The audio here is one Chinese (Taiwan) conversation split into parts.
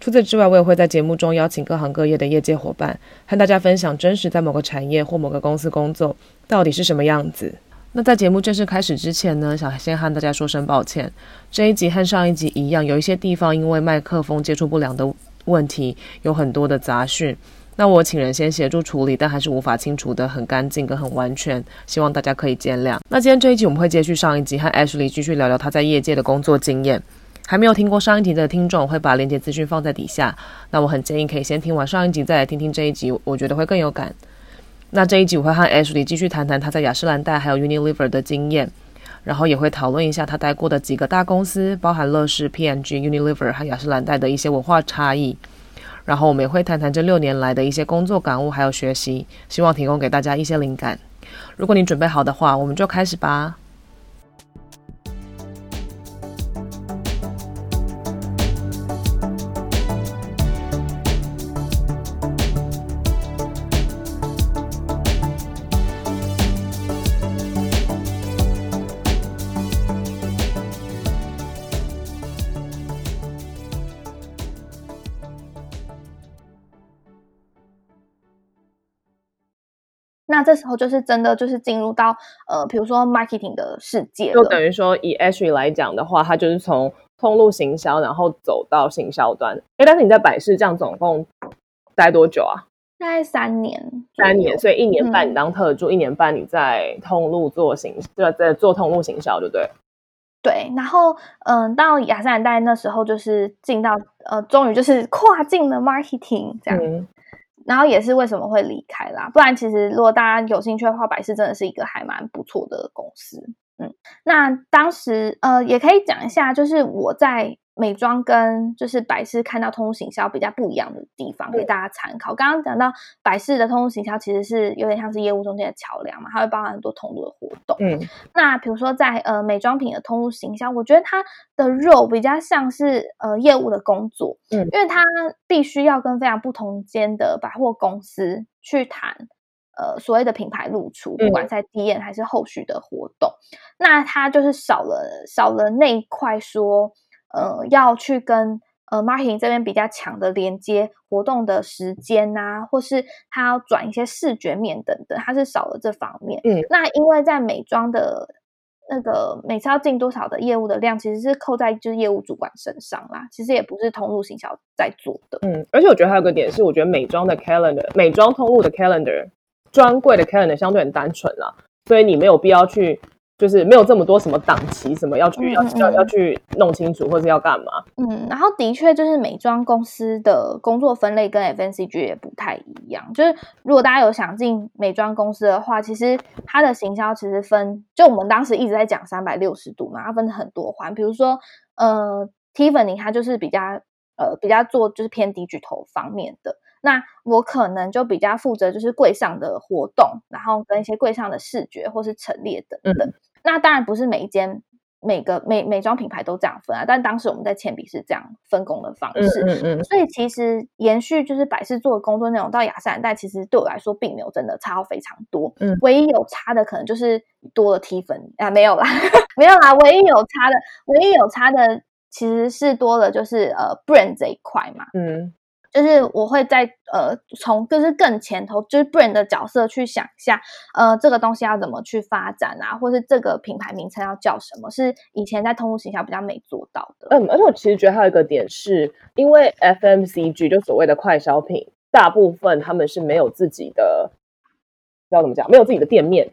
除此之外，我也會在節目中邀請各行各業的業界夥伴，和大家分享真實在某個產業或某個公司工作到底是什麼樣子。那在節目正式開始之前呢，想先和大家說聲抱歉，這一集和上一集一樣，有一些地方因為麥克風接觸不良的問題，有很多的雜訊。那我請人先協助處理，但還是無法清除得很乾淨跟很完全，希望大家可以見諒。那今天這一集我們會接續上一集，和 Ashley 繼續聊聊他在業界的工作經驗。還沒有聽過上一集的聽眾，會把鏈接資訊放在底下。那我很建議可以先聽完上一集，再來聽聽這一集，我覺得會更有感。那這一集我會和 Ashley 繼續談談他在雅詩蘭黛還有 Unilever 的經驗，然後也會討論一下他待過的幾個大公司，包含樂事、P&G、Unilever 和雅詩蘭黛的一些文化差異。然後我們也會談談這六年來的一些工作感悟還有學習，希望提供給大家一些靈感。如果你準備好的話，我們就開始吧。那這時候就是真的就是進入到呃，譬如說 marketing 的世界，就等於說以 Ashley 來講的話，他就是從通路行銷，然後走到行銷端。哎、欸，但是你在百事這樣總共待多久啊？待三年，三年，所以一年半你當特助，嗯、一年半你在通路做行，對，在做通路行銷，就對。對，然後嗯、呃，到雅詩蘭黛那時候就是進到呃，終於就是跨進了 marketing 這樣。嗯然後也是為什麼會離開啦，不然其實如果大家有興趣的話，百事真的是一個還蠻不錯的公司，嗯，那當時呃也可以講一下，就是我在。美妝跟就是百事看到通路行銷比較不一樣的地方，給大家參考，嗯。剛剛講到百事的通路行銷，其實是有點像是業務中間的橋樑嘛，它會包含很多通路的活動。嗯，那比如說在呃美妝品的通路行銷，我覺得它的 role 比較像是呃業務的工作，嗯，因為它必須要跟非常不同間的百貨公司去談呃所謂的品牌露出，嗯、不管在體驗還是後續的活動，那它就是少了少了那一塊說。呃，要去跟呃 marketing 這邊比較強的連接，活動的時間吶、啊，或是他要轉一些視覺面等等，他是少了這方面。嗯，那因為在美妝的那個每次要進多少的業務的量，其實是扣在就是業務主管身上啦，其實也不是通路行銷在做的。嗯，而且我覺得還有個點是，我覺得美妝的 calendar、美妝通路的 calendar、專櫃的 calendar 相對很單純啦，所以你沒有必要去。就是沒有這麼多什麼檔期，什麼要去、嗯、要要要去弄清楚，或者要幹嘛？嗯，然後的確就是美妝公司的工作分類跟 FNCG 也不太一樣。就是如果大家有想進美妝公司的話，其實它的行銷其實分，就我們當時一直在講三百六十度嘛，它分很多環，比如說嗯 t n 寧它就是比較呃比較做就是偏低舉頭方面的。那我可能就比較負責就是櫃上的活動，然後跟一些櫃上的視覺或是陳列等等、嗯。那當然不是每一間每個美每妝品牌都這樣分啊，但當時我們在倩碧是這樣分工的方式。嗯嗯，嗯。所以其實延續就是百事做的工作內容到雅詩蘭黛，但其實對我來說並沒有真的差非常多。嗯。唯一有差的可能就是多了提分啊，沒有啦， 沒有啦。唯一有差的，唯一有差的其實是多了就是呃 brand 這一塊嘛。嗯。就是我會在呃，從就是更前頭，就是 brand 的角色去想一下，呃，這個東西要怎麼去發展啊，或是這個品牌名稱要叫什麼？是以前在通路行銷比較沒做到的。嗯，而且我其實覺得還有一個點是，因為 FMCG 就所謂的快消品，大部分他們是沒有自己的，要怎麼講？沒有自己的店面，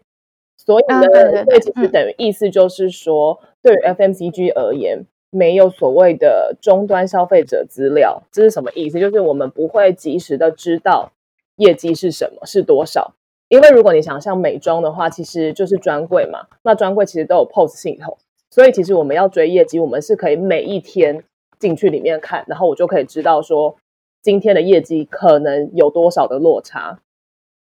所以呢，對、嗯，所以其實等於意思就是說，嗯、對於 FMCG 而言，沒有所謂的終端消費者資料，這是什麼意思？就是我們不會及時的知道業績是什麼，是多少。因為如果你想像美妝的話，其實就是專櫃嘛，那專櫃其實都有 POS 系統，所以其實我們要追業績，我們是可以每一天進去裡面看，然後我就可以知道說今天的業績可能有多少的落差。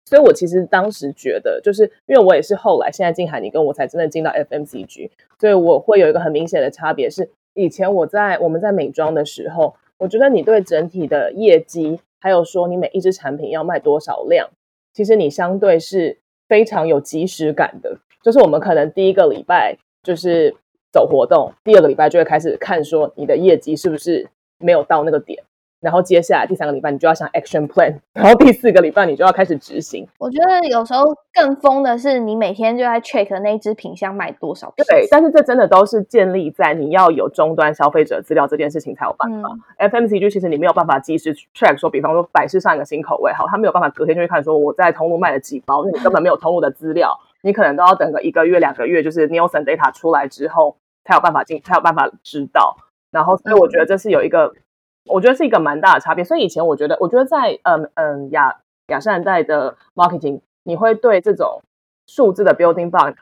所以我其實當時覺得，就是因為我也是後來現在進海，你跟我才真正進到 FMCG，所以我會有一個很明顯的差別是。以前我在我們在美妝的時候，我覺得你對整體的業績，還有說你每一支產品要賣多少量，其實你相對是非常有即時感的。就是我們可能第一個禮拜就是走活動，第二個禮拜就會開始看說你的業績是不是沒有到那個點。然後接下來第三個禮拜你就要想 action plan，然後第四個禮拜你就要開始執行。我覺得有時候更瘋的是，你每天就在 check 那一支品項賣多少錢。對，但是這真的都是建立在你要有終端消費者資料這件事情才有辦法。嗯、FMCG 其實你沒有辦法即時 track，說比方說百事上一個新口味，好，他沒有辦法隔天就會看說我在通路賣了幾包、嗯，你根本沒有通路的資料，你可能都要等個一個月兩個月，就是 Nielsen data 出來之後，才有辦法進，才有辦法知道。然後所以我覺得這是有一個。嗯我覺得是一個蠻大的差別，所以以前我覺得，我覺得在嗯嗯雅雅詩蘭黛的 marketing，你會對這種數字的 building block，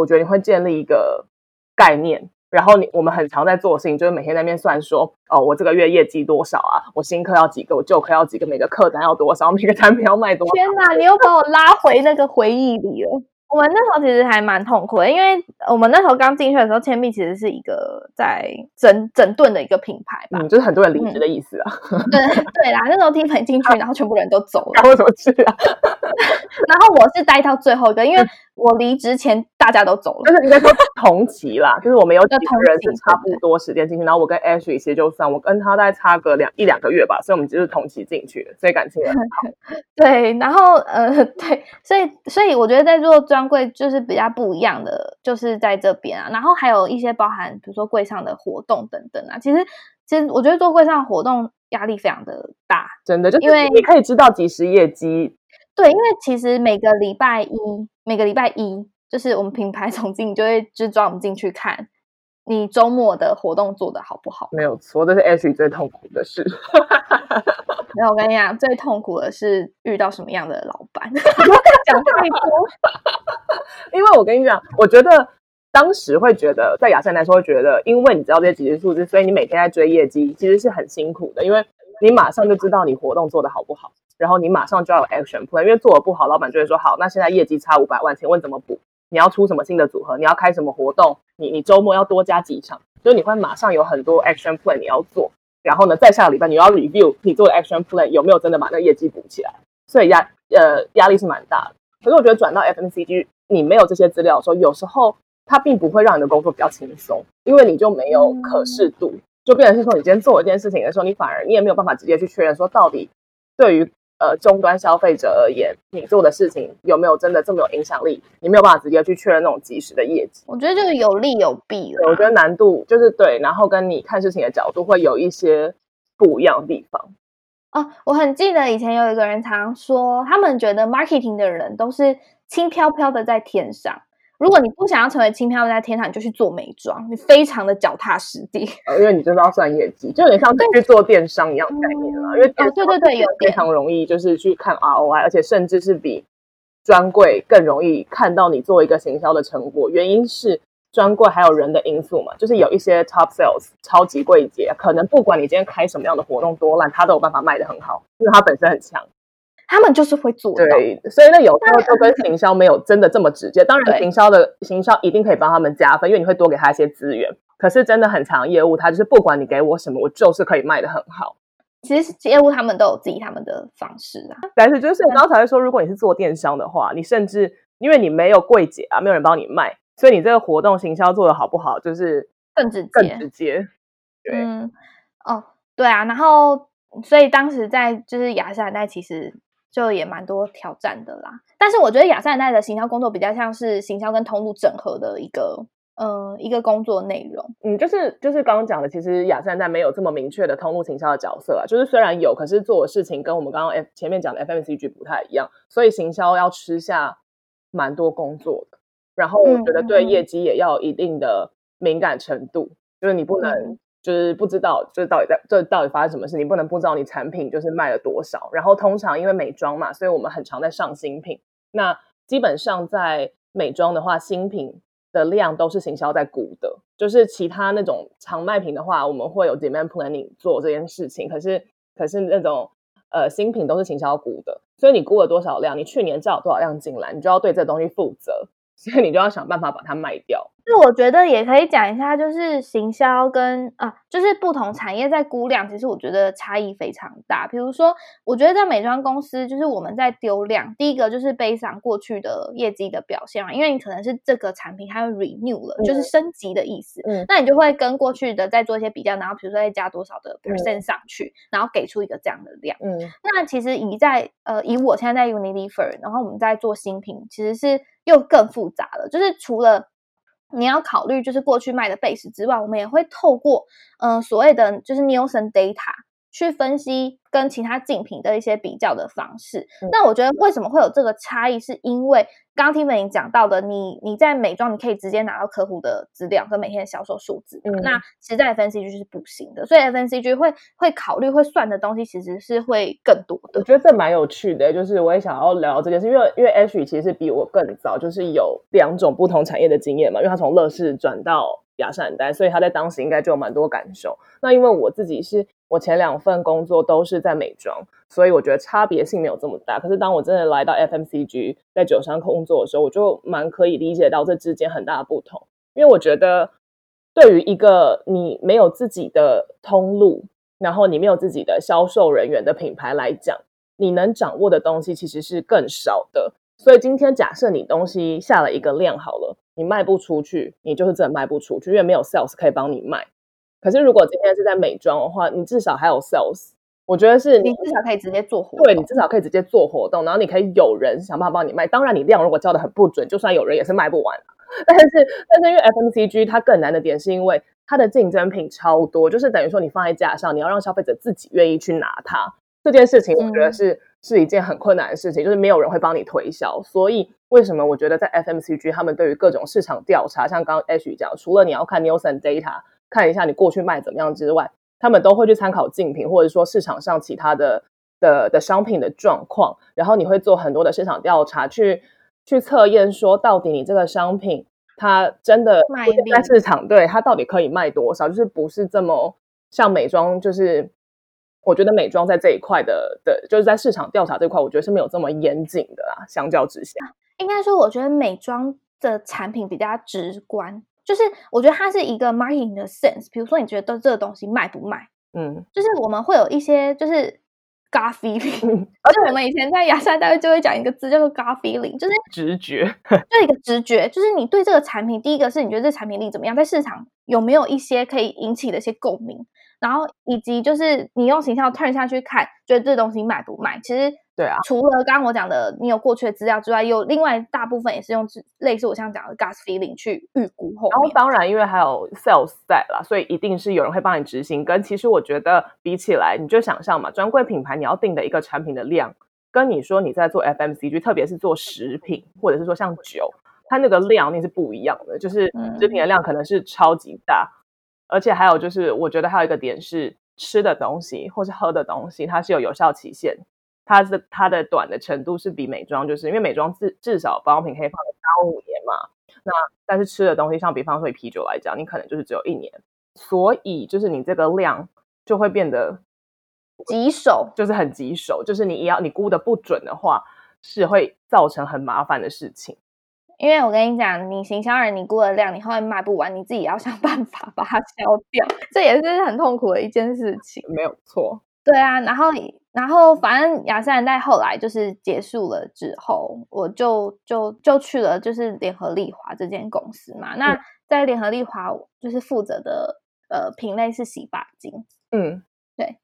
我覺得你會建立一個概念，然後你我們很常在做的事情，就是每天在那邊算說，哦，我這個月業績多少啊？我新客要幾個？我舊客要幾個？每個客單要多少？每個產品要賣多少？天哪， 你又把我拉回那個回憶裡了。我們那時候其實還蠻痛苦的，因為我們那時候剛進去的時候，倩碧其實是一個在整整頓的一個品牌吧、嗯，就是很多人離職的意思啊。嗯、對對啦，那時候聽 e 進去、啊，然後全部人都走了，幹我什麼去啊？ 然後我是待到最後一個，因為我離職前。大家都走了，但是你在說同期啦， 就是我們有同人是差不多時間進去， 然後我跟 Ashley 就算，我跟他大概差個兩一兩個月吧，所以我們就是同期進去，所以感情很好。 對，然後呃，對，所以所以我覺得在做專櫃就是比較不一樣的，就是在這邊啊，然後還有一些包含比如說櫃上的活動等等啊，其實其實我覺得做櫃上的活動壓力非常的大，真的，就因、是、為你可以知道即時業績。對，因為其實每個禮拜一，嗯、每個禮拜一。就是我們品牌總經理就會直抓我們進去看，你周末的活動做得好不好？沒有錯，這是 Ashley 最痛苦的事。 沒有，我跟你講，最痛苦的是遇到什麼樣的老闆，講太多。 因為我跟你講，我覺得當時會覺得，在雅詩蘭黛來說會覺得，因為你知道這些極致數字，所以你每天在追業績其實是很辛苦的，因為你馬上就知道你活動做得好不好，然後你馬上就要有 action plan，因為做得不好，老闆就會說：“好，那現在業績差五百萬，請問怎麼補？”你要出什麼新的組合？你要開什麼活動？你你周末要多加幾場，所以你會馬上有很多 action plan 你要做。然後呢，再下個禮拜你要 review 你做的 action plan 有沒有真的把那個業績補起來？所以壓呃壓力是蠻大的。可是我覺得轉到 FMCG，你沒有這些資料的時候，有時候它並不會讓你的工作比較輕鬆，因為你就沒有可視度，嗯、就變成是說你今天做一件事情的時候，你反而你也沒有辦法直接去確認說到底對於呃，終端消費者而言，你做的事情有沒有真的這麼有影響力？你沒有辦法直接去確認那種即時的業績。我覺得就是有利有弊了。我覺得難度就是對，然後跟你看事情的角度會有一些不一樣的地方。哦，我很記得以前有一個人常常說，他們覺得 marketing 的人都是輕飄飄的在天上。如果你不想要成為輕飄飄在天上，你就去做美妝，你非常的腳踏實地。呃、哦，因為你就是要算業績，就有點像是去做電商一樣概念了，啊。因為啊、嗯哦，對對對，有非常容易就是去看 ROI，而且甚至是比專櫃更容易看到你做一個行銷的成果。原因是專櫃還有人的因素嘛，就是有一些 top sales 超級櫃姐，可能不管你今天開什麼樣的活動多爛，她都有辦法賣得很好，因為她本身很強。他們就是會做，對，所以那有時候就跟行銷沒有真的這麼直接。當然，行銷的行銷一定可以幫他們加分，因為你會多給他一些資源。可是真的很強的業務，他就是不管你給我什麼，我就是可以賣得很好。其實業務他們都有自己他們的方式啊。但是就是你剛才會說、嗯，如果你是做電商的話，你甚至因為你沒有櫃姐啊，沒有人幫你賣，所以你這個活動行銷做得好不好，就是更直接更直接，更直接對。嗯，哦，對啊。然後所以當時在就是雅詩蘭黛，其實。就也蠻多挑戰的啦，但是我覺得雅詩蘭黛的行銷工作比較像是行銷跟通路整合的一個，嗯、呃，一個工作內容。嗯，就是就是剛剛講的，其實雅詩蘭黛沒有這麼明確的通路行銷的角色啦，就是雖然有，可是做的事情跟我們剛剛前面講的 FMCG 不太一樣，所以行銷要吃下蠻多工作的，然後我覺得對業績也要有一定的敏感程度，嗯、就是你不能、嗯。就是不知道，就是到底在，這到底發生什麼事？你不能不知道你產品就是賣了多少。然後通常因為美妝嘛，所以我們很常在上新品。那基本上在美妝的話，新品的量都是行銷在估的。就是其他那種常賣品的話，我們會有 demand planning 做這件事情。可是可是那種呃新品都是行銷估的，所以你估了多少量，你去年進了多少量進來，你就要對這東西負責。所以你就要想辦法把它賣掉。就我覺得也可以講一下，就是行銷跟，啊，就是不同產業在估量，其實我覺得差異非常大。比如說，我覺得在美妝公司，就是我們在丟量，第一個就是背上過去的業績的表現嘛，因為你可能是這個產品它會 renew 了，嗯，就是升級的意思，嗯，那你就會跟過去的再做一些比較，然後比如說再加多少的 percent 上去，嗯，然後給出一個這樣的量，嗯，那其實以在呃，以我現在在 Unilever，然後我們在做新品，其實是又更複雜了，就是除了你要考慮，就是過去賣的 base 之外，我們也會透過嗯、呃、所謂的就是 Nielsen data。去分析跟其他競品的一些比較的方式，嗯。那我覺得為什麼會有這個差異，是因為剛剛聽聞你講到的你，你你在美妝，你可以直接拿到客戶的資料和每天的銷售數字，嗯。那其實在分析就是不行的，所以 FMCG 會會考慮會算的東西，其實是會更多的。我覺得這蠻有趣的、欸，就是我也想要聊這件事，因為因為 Ashley 其實比我更早，就是有兩種不同產業的經驗嘛。因為他從樂事轉到雅詩蘭黛，所以他在當時應該就有蠻多感受。那因為我自己是。我前兩份工作都是在美妝，所以我覺得差別性沒有這麼大。可是當我真的來到 FMCG 在酒商工作的時候，我就蠻可以理解到這之間很大的不同。因為我覺得，對於一個你沒有自己的通路，然後你沒有自己的銷售人員的品牌來講，你能掌握的東西其實是更少的。所以今天假設你東西下了一個量好了，你賣不出去，你就是真的賣不出去，因為沒有 sales 可以幫你賣。可是，如果今天是在美妝的話，你至少還有 sales，我覺得是你，你至少可以直接做活動，對，你至少可以直接做活動，然後你可以有人想辦法幫你賣。當然，你量如果交得很不準，就算有人也是賣不完。但是，但是因為 F M C G 它更難的點是因為它的競爭品超多，就是等於說你放在架上，你要讓消費者自己願意去拿它。這件事情，我覺得是、嗯、是一件很困難的事情，就是沒有人會幫你推銷。所以，為什麼我覺得在 F M C G 他們對於各種市場調查，像剛剛 Ash 講，除了你要看 Nielsen Data。看一下你過去賣怎麼樣之外，他們都會去參考競品，或者說市場上其他的的的商品的狀況。然後你會做很多的市場調查，去去測驗說到底你這個商品它真的賣在市場，對，它到底可以賣多少？就是不是這麼像美妝？就是我覺得美妝在這一塊的的，就是在市場調查這塊，我覺得是沒有這麼嚴謹的啦。相較之下，應該說，我覺得美妝的產品比較直觀。就是我覺得它是一個 marketing 的 sense，比如說你覺得這個東西賣不賣？嗯，就是我們會有一些就是 gut feeling、嗯、而且我們以前在雅詩蘭黛就會講一個字叫做 gut feeling，就是直覺， 就是一個直覺，就是你對這個產品，第一個是你覺得這個產品力怎麼樣，在市場有沒有一些可以引起的一些共鳴。然後以及就是你用形象 turn 下去看，覺得這東西賣不賣？其實對啊，除了剛剛我講的，你有過去的資料之外，有另外大部分也是用類似我剛講的 gas feeling 去預估後。然後當然，因為還有 sales 在啦，所以一定是有人會幫你執行。跟其實我覺得比起來，你就想象嘛，專櫃品牌你要訂的一個產品的量，跟你說你在做 FMCG，特別是做食品或者是說像酒，它那個量那是不一樣的。就是食品的量可能是超級大。嗯而且還有就是，我覺得還有一個點是吃的東西或是喝的東西，它是有有效期限，它是它的短的程度是比美妝，就是因為美妝至至少保養品可以放個三五年嘛，那但是吃的東西，像比方說以啤酒來講，你可能就是只有一年，所以就是你這個量就會變得棘手，就是很棘手，就是你要你估的不準的話，是會造成很麻煩的事情。因為我跟你講，你行銷人，你估了量，你後面賣不完，你自己也要想辦法把它消掉，這也是很痛苦的一件事情。沒有錯。對啊，然後然後反正雅詩蘭黛後來就是結束了之後，我就就就去了，就是聯合利華這間公司嘛。嗯、那在聯合利華，就是負責的呃品類是洗髮精。嗯，對。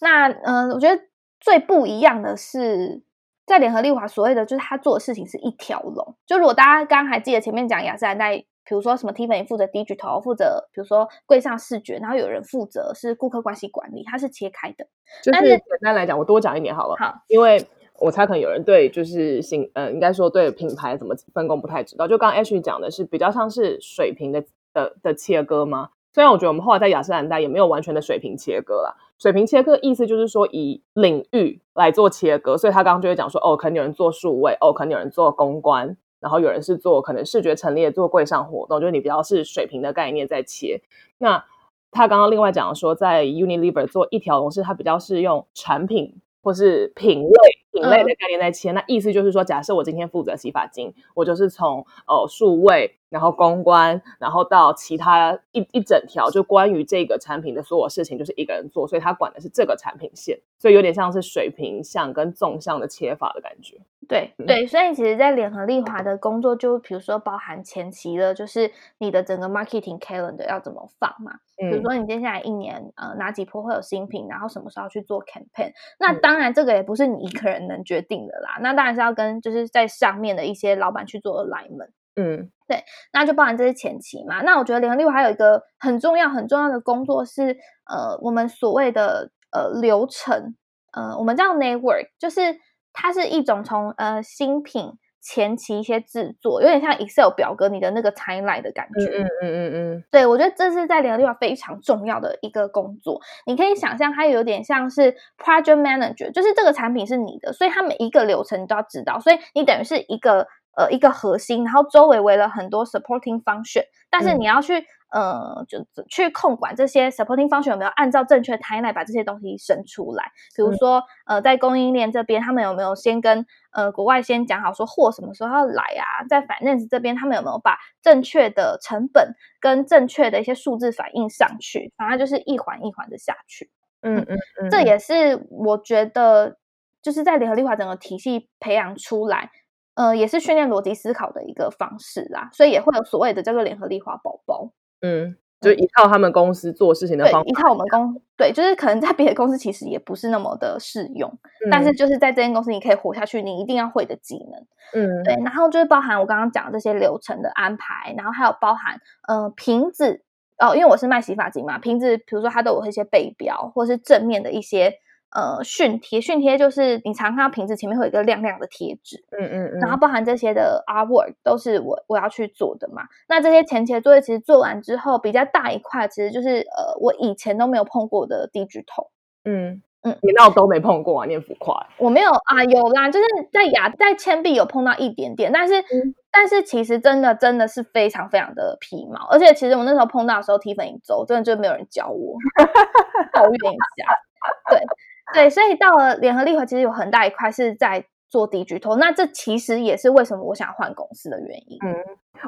那嗯、呃，我覺得最不一樣的是，在聯合利華所謂的就是他做的事情是一條龍，就如果大家剛剛還記得前面講雅詩蘭黛，比如說什麼 Tiffany 負責 Digital，負責比如說櫃上視覺，然後有人負責是顧客關係管理，它是切開的。就是簡單來講，我多講一點好了。好，因為我猜可能有人對就是新，呃，應該說對品牌怎麼分工不太知道。就剛 Ashley 講的是比較像是水平的的的切割嗎？雖然我覺得我們後來在雅詩蘭黛也沒有完全的水平切割啦、啊水平切割意思就是說以領域來做切割，所以他剛剛就會講說，哦，可能有人做數位，哦，可能有人做公關，然後有人是做可能視覺陳列、做櫃上活動，就是、你比較是水平的概念在切。那他剛剛另外講說，在 Unilever 做一條龍是他比較是用產品或是品類。同類的概念在切，那意思就是說，假設我今天負責洗髮精，我就是從呃數位，然後公關，然後到其他一一整條，就關於這個產品的所有事情，就是一個人做，所以他管的是這個產品線，所以有點像是水平向跟縱向的切法的感覺。對對，所以其實，在聯合利華的工作，就比如說包含前期的就是你的整個 marketing calendar 要怎麼放嘛、嗯。比如說你接下來一年，呃，哪幾波會有新品，然後什麼時候去做 campaign。那當然，這個也不是你一個人能決定的啦、嗯。那當然是要跟就是在上面的一些老闆去做 alignment。嗯，對，那就包含這是前期嘛。那我覺得聯合利華還有一個很重要很重要的工作是，呃，我們所謂的呃流程，呃，我們叫 network，就是。它是一種從呃新品前期一些制作，有點像 Excel 表格，你的那個 timeline 的感覺。嗯嗯嗯嗯嗯。對，我覺得這是在聯合利華非常重要的一個工作。你可以想象它有點像是 Project Manager，就是這個產品是你的，所以它每一個流程你都要知道。所以你等於是一個呃一個核心，然後周圍圍了很多 Supporting Function，但是你要去。呃，就，就去控管這些 supporting function 有沒有按照正確 timeline 把這些東西生出來？比如說，呃，在供應鏈這邊，他們有沒有先跟呃國外先講好說貨什麼時候要來啊？在 finance 這邊，他們有沒有把正確的成本跟正確的一些數字反映上去？反正就是一環一環的下去。嗯嗯，嗯嗯嗯，這也是我覺得就是在聯合利華整個體系培養出來，呃，也是訓練邏輯思考的一個方式啦。所以也會有所謂的叫做聯合利華寶寶。嗯，就一套他們公司做事情的方法，法、嗯。一套我們公，對，就是可能在別的公司其實也不是那麼的適用、嗯，但是就是在這間公司你可以活下去，你一定要會的技能，嗯，對，然後就是包含我剛剛講的這些流程的安排，然後還有包含，嗯、呃，瓶子，哦，因為我是賣洗髮精嘛，瓶子，比如說它都有一些背標，或是正面的一些。呃，訓貼，訓貼就是你常看到瓶子前面會有一個亮亮的貼紙，嗯嗯，然後包含這些的 artwork 都是我我要去做的嘛。那這些前期的作業其實做完之後，比較大一塊，其實就是呃，我以前都沒有碰過的 digital。嗯嗯，你那我都沒碰過啊，你也浮誇，我沒有啊，有啦，就是在牙，在鉛筆有碰到一點點，但是但是其實真的真的是非常非常的皮毛，而且其實我那時候碰到的時候，提粉一週，真的就沒有人教我，抱怨一下，對。對，所以到了聯合利華，其實有很大一塊是在做 digital 那這其實也是為什麼我想換公司的原因。嗯，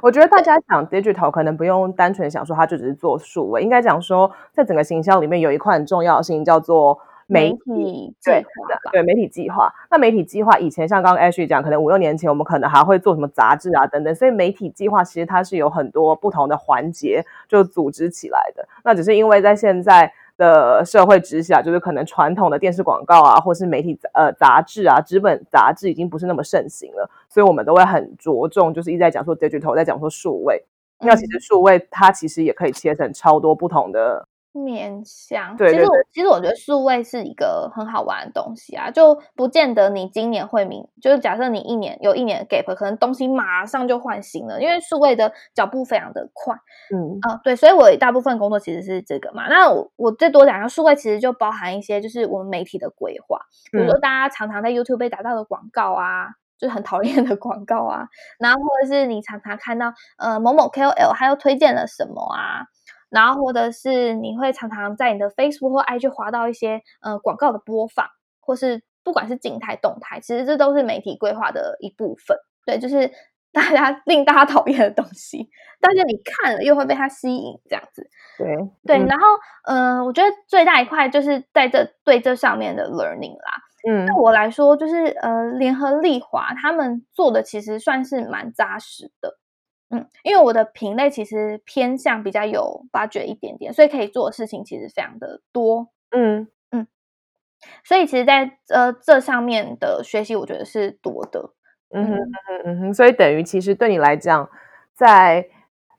我覺得大家講 digital 可能不用單純想說它就只是做數位，應該講說在整個行銷裡面有一塊很重要的事情叫做媒體,媒體計劃。對，媒體計劃。那媒體計劃以前像剛剛 Ashley 講，可能五六年前我們可能還會做什麼雜誌啊等等，所以媒體計劃其實它是有很多不同的環節就組織起來的。那只是因為在現在。的社會之下，就是可能傳統的電視廣告啊，或是媒體呃雜誌啊，紙本雜誌已經不是那麼盛行了，所以我們都會很着重，就是一再講說 digital，在講說數位。那其實數位它其實也可以切成超多不同的。勉強，其實我對對對，其實我覺得數位是一個很好玩的東西啊，就不見得你今年會明，就是假設你一年有一年的 gap，可能東西馬上就換新了，因為數位的腳步非常的快。嗯啊、呃，對，所以我大部分工作其實是這個嘛。那我我再多講一下數位，其實就包含一些就是我們媒體的規劃，比如說大家常常在 YouTube 被打到的廣告啊，嗯、就是很討厭的廣告啊，然後或者是你常常看到呃某某 KOL 他又推薦了什麼啊。然後，或者是你會常常在你的 Facebook 或 IG 滑到一些呃廣告的播放，或是不管是靜態動態，其實這都是媒體規劃的一部分。對，就是大家令大家討厭的東西，但是你看了又會被它吸引，這樣子。對對、嗯。然後，呃，我覺得最大一塊就是在這對這上面的 learning 啦。嗯，對我來說，就是呃聯合利華他們做的其實算是蠻扎實的。嗯、因為我的品類其實偏向比較有發掘一點點，所以可以做的事情其實非常的多。嗯嗯，所以其實在，在呃這上面的學習，我覺得是多的。嗯嗯哼嗯嗯，所以等於其實對你來講，在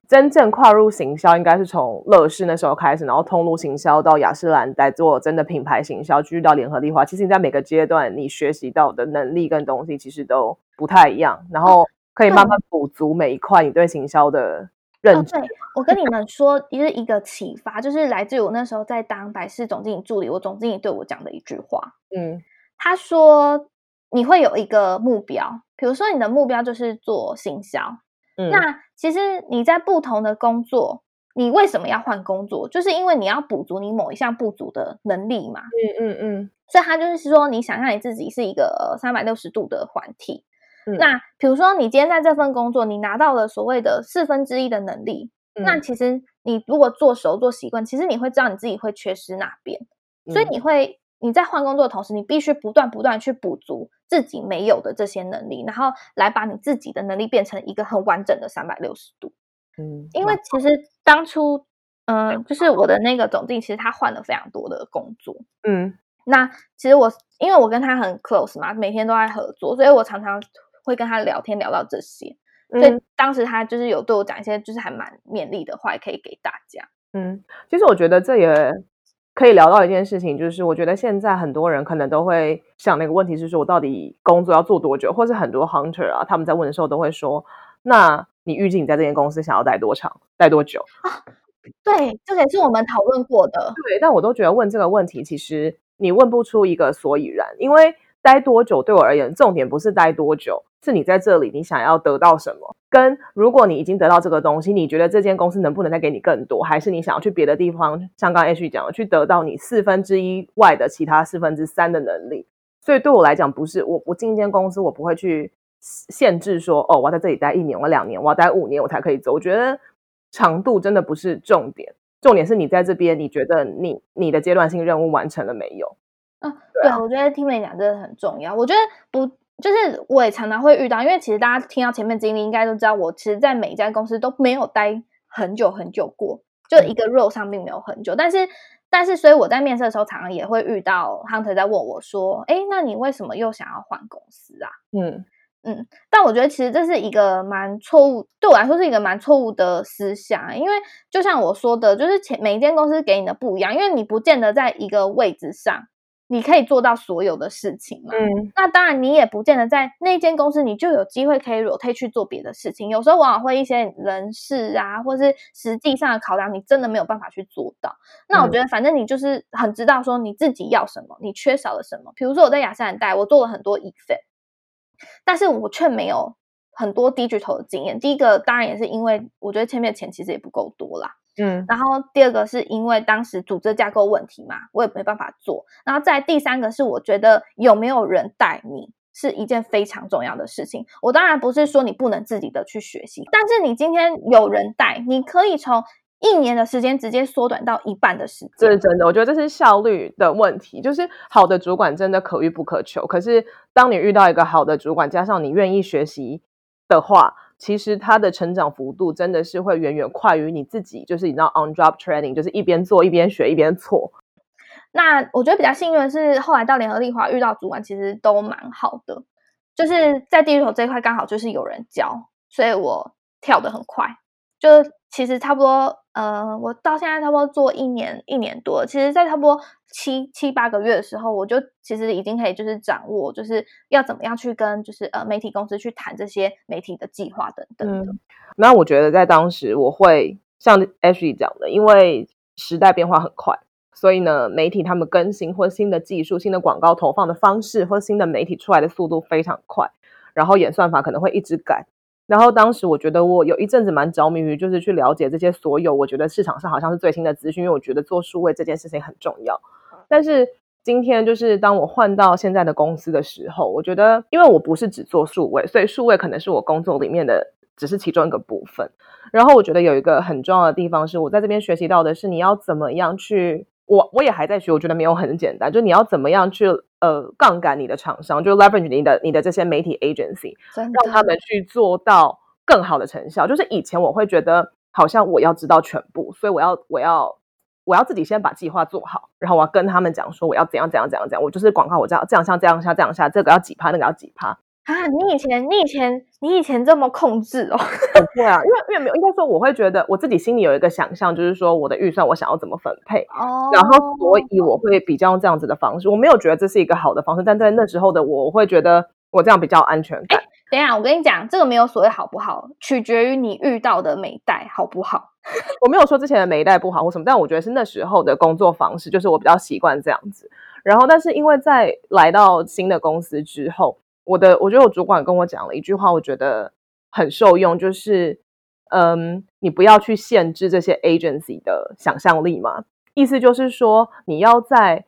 真正跨入行銷，應該是從樂事那時候開始，然後通路行銷到雅詩蘭黛，再做真的品牌行銷，繼續到聯合利華，其實你在每個階段，你學習到的能力跟東西，其實都不太一樣。然後、嗯。可以慢慢補足每一塊你對行銷的認知。對，哦，對。我跟你們說，其實一個啟發就是來自於我那時候在當百事總經理助理，我總經理對我講的一句話，嗯，他說你會有一個目標，比如說你的目標就是做行銷，嗯，那其實你在不同的工作，你為什麼要換工作？就是因為你要補足你某一項不足的能力嘛，嗯嗯嗯。所以他就是說，你想象你自己是一個三百六十度的環體。嗯、那比如說，你今天在這份工作，你拿到了所謂的四分之一的能力，嗯，那其實你如果做熟做習慣，其實你會知道你自己會缺失哪邊，嗯，所以你會你在換工作的同時，你必須不斷不斷去補足自己沒有的這些能力，然後來把你自己的能力變成一個很完整的三百六十度。嗯，因為其實當初，嗯、呃，就是我的那個總經，其實他換了非常多的工作，嗯，那其實我因為我跟他很 close 嘛，每天都在合作，所以我常常。會跟他聊天聊到這些、嗯，所以當時他就是有對我講一些就是還蠻勉勵的話，也可以給大家。嗯，其實我覺得這也可以聊到一件事情，就是我覺得現在很多人可能都會想那個問題是說，我到底工作要做多久，或是很多 hunter 啊他們在問的時候都會說，那你預計你在這間公司想要待多長，待多久啊？對，這也是我們討論過的。對，但我都覺得問這個問題其實你問不出一個所以然，因為待多久對我而言重點不是待多久。是你在這裡，你想要得到什麼？跟如果你已經得到這個東西，你覺得這間公司能不能再給你更多？還是你想要去別的地方？像剛 H 講的，去得到你四分之一外的其他四分之三的能力。所以對我來講，不是我我進一間公司，我不會去限制說哦，我要在這裡待一年，我兩年，我要待五年，我才可以走。我覺得長度真的不是重點，重點是你在這邊，你覺得你你的階段性任務完成了沒有？嗯、啊，對啊、對，我覺得聽你講真的很重要。我覺得不。就是我也常常會遇到，因為其實大家聽到前面經歷，應該都知道，我其實，在每一家公司都沒有待很久很久過，就一個 role 上並沒有很久。但是，但是，所以我在面試的時候，常常也會遇到 hunter 在問我說：“哎，那你為什麼又想要換公司啊？”嗯嗯，但我覺得其實這是一個蠻錯誤，對我來說是一個蠻錯誤的思想啊，因為就像我說的，就是前，每一間公司給你的不一樣，因為你不見得在一個位置上。你可以做到所有的事情嘛？嗯、那當然，你也不見得在那一間公司，你就有機會可以 rotate 去做別的事情。有時候往往會一些人事啊，或是實際上的考量，你真的沒有辦法去做到。那我覺得，反正你就是很知道說你自己要什麼，你缺少了什麼。比如說我在雅詩蘭黛，我做了很多乙方，但是我卻沒有很多 digital 的經驗。第一個當然也是因為我覺得前面的錢其實也不夠多啦。嗯，然後第二個是因為當時組織架構問題嘛，我也沒辦法做。然後再第三個是，我覺得有沒有人帶你是一件非常重要的事情。我當然不是說你不能自己的去學習，但是你今天有人帶，你可以從一年的時間直接縮短到一半的時間。這是真的，我覺得這是效率的問題。就是好的主管真的可遇不可求，可是當你遇到一個好的主管，加上你願意學習的話。其實它的成長幅度真的是會遠遠快於你自己，就是你知道 on drop training 就是一邊做一邊學一邊錯。那我覺得比較幸運的是，後來到聯合利華遇到主管，其實都蠻好的，就是在地頭這一塊剛好就是有人教，所以我跳得很快。就其實差不多，呃，我到現在差不多做一年一年多，其實在差不多七七八個月的時候，我就其實已經可以就是掌握，就是要怎麼樣去跟就是呃媒體公司去談這些媒體的計劃等等。嗯，那我覺得在當時我會像 Ashley 講的，因為時代變化很快，所以呢媒體他們更新或新的技術、新的廣告投放的方式或新的媒體出來的速度非常快，然後演算法可能會一直改。然後當時我覺得我有一陣子蠻着迷於，就是去了解這些所有，我覺得市場上好像是最新的資訊，因為我覺得做數位這件事情很重要。但是今天就是當我換到現在的公司的時候，我覺得因為我不是只做數位，所以數位可能是我工作裡面的只是其中一個部分。然後我覺得有一個很重要的地方是，我在這邊學習到的是你要怎麼樣去。我我也還在學，我覺得沒有很簡單，就你要怎麼樣去呃槓桿你的廠商，就 leverage 你的你的這些媒體 agency，讓他們去做到更好的成效。就是以前我會覺得好像我要知道全部，所以我要我要我要自己先把計劃做好，然後我要跟他們講說我要怎樣怎樣怎樣怎樣，我就是廣告我這樣這樣像這樣下這樣下，這個要幾趴，那個要幾趴。啊！你以前，你以前，你以前這麼控制哦對啊，因為因為沒有，應該說我會覺得我自己心裡有一個想象，就是說我的預算我想要怎麼分配，哦，然後所以我會比較用這樣子的方式。我沒有覺得這是一個好的方式，但在那時候的我，我會覺得我這樣比較安全感。等一下我跟你講，這個沒有所謂好不好，取決於你遇到的媒代好不好。我沒有說之前的媒代不好或什麼，但我覺得是那時候的工作方式，就是我比較習慣這樣子。然後，但是因為在來到新的公司之後。我的，我覺得我主管跟我講了一句話，我覺得很受用，就是嗯，你不要去限制這些 agency 的想象力嘛。意思就是說，你要在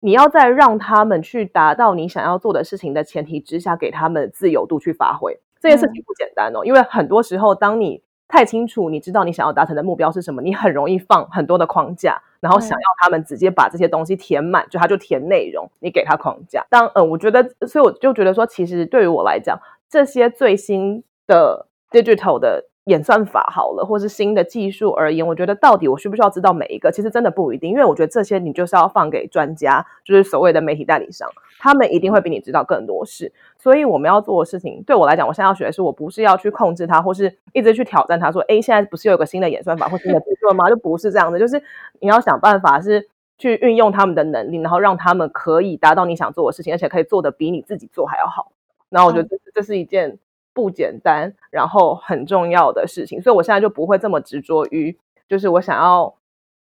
你要在讓他們去達到你想要做的事情的前提之下，給他們自由度去發揮。這件事情不簡單哦。嗯，因為很多時候，當你太清楚，你知道你想要達成的目標是什麼，你很容易放很多的框架，然後想要他們直接把這些東西填滿，嗯，就他就填內容，你給他框架。但，嗯、呃，我覺得，所以我就覺得說，其實對於我來講，這些最新的 digital 的。演算法好了，或是新的技術而言，我覺得到底我需不需要知道每一個？其實真的不一定，因為我覺得這些你就是要放給專家，就是所謂的媒體代理商，他們一定會比你知道更多事。所以我們要做的事情，對我來講，我現在要學的是，我不是要去控制它，或是一直去挑戰它。說，哎，現在不是又有一個新的演算法，或新的技術嗎？就不是這樣的， 就是你要想辦法是去運用他們的能力，然後讓他們可以達到你想做的事情，而且可以做得比你自己做還要好。然後我覺得這是一件，嗯不簡單，然後很重要的事情，所以我現在就不會這麼執着於，就是我想要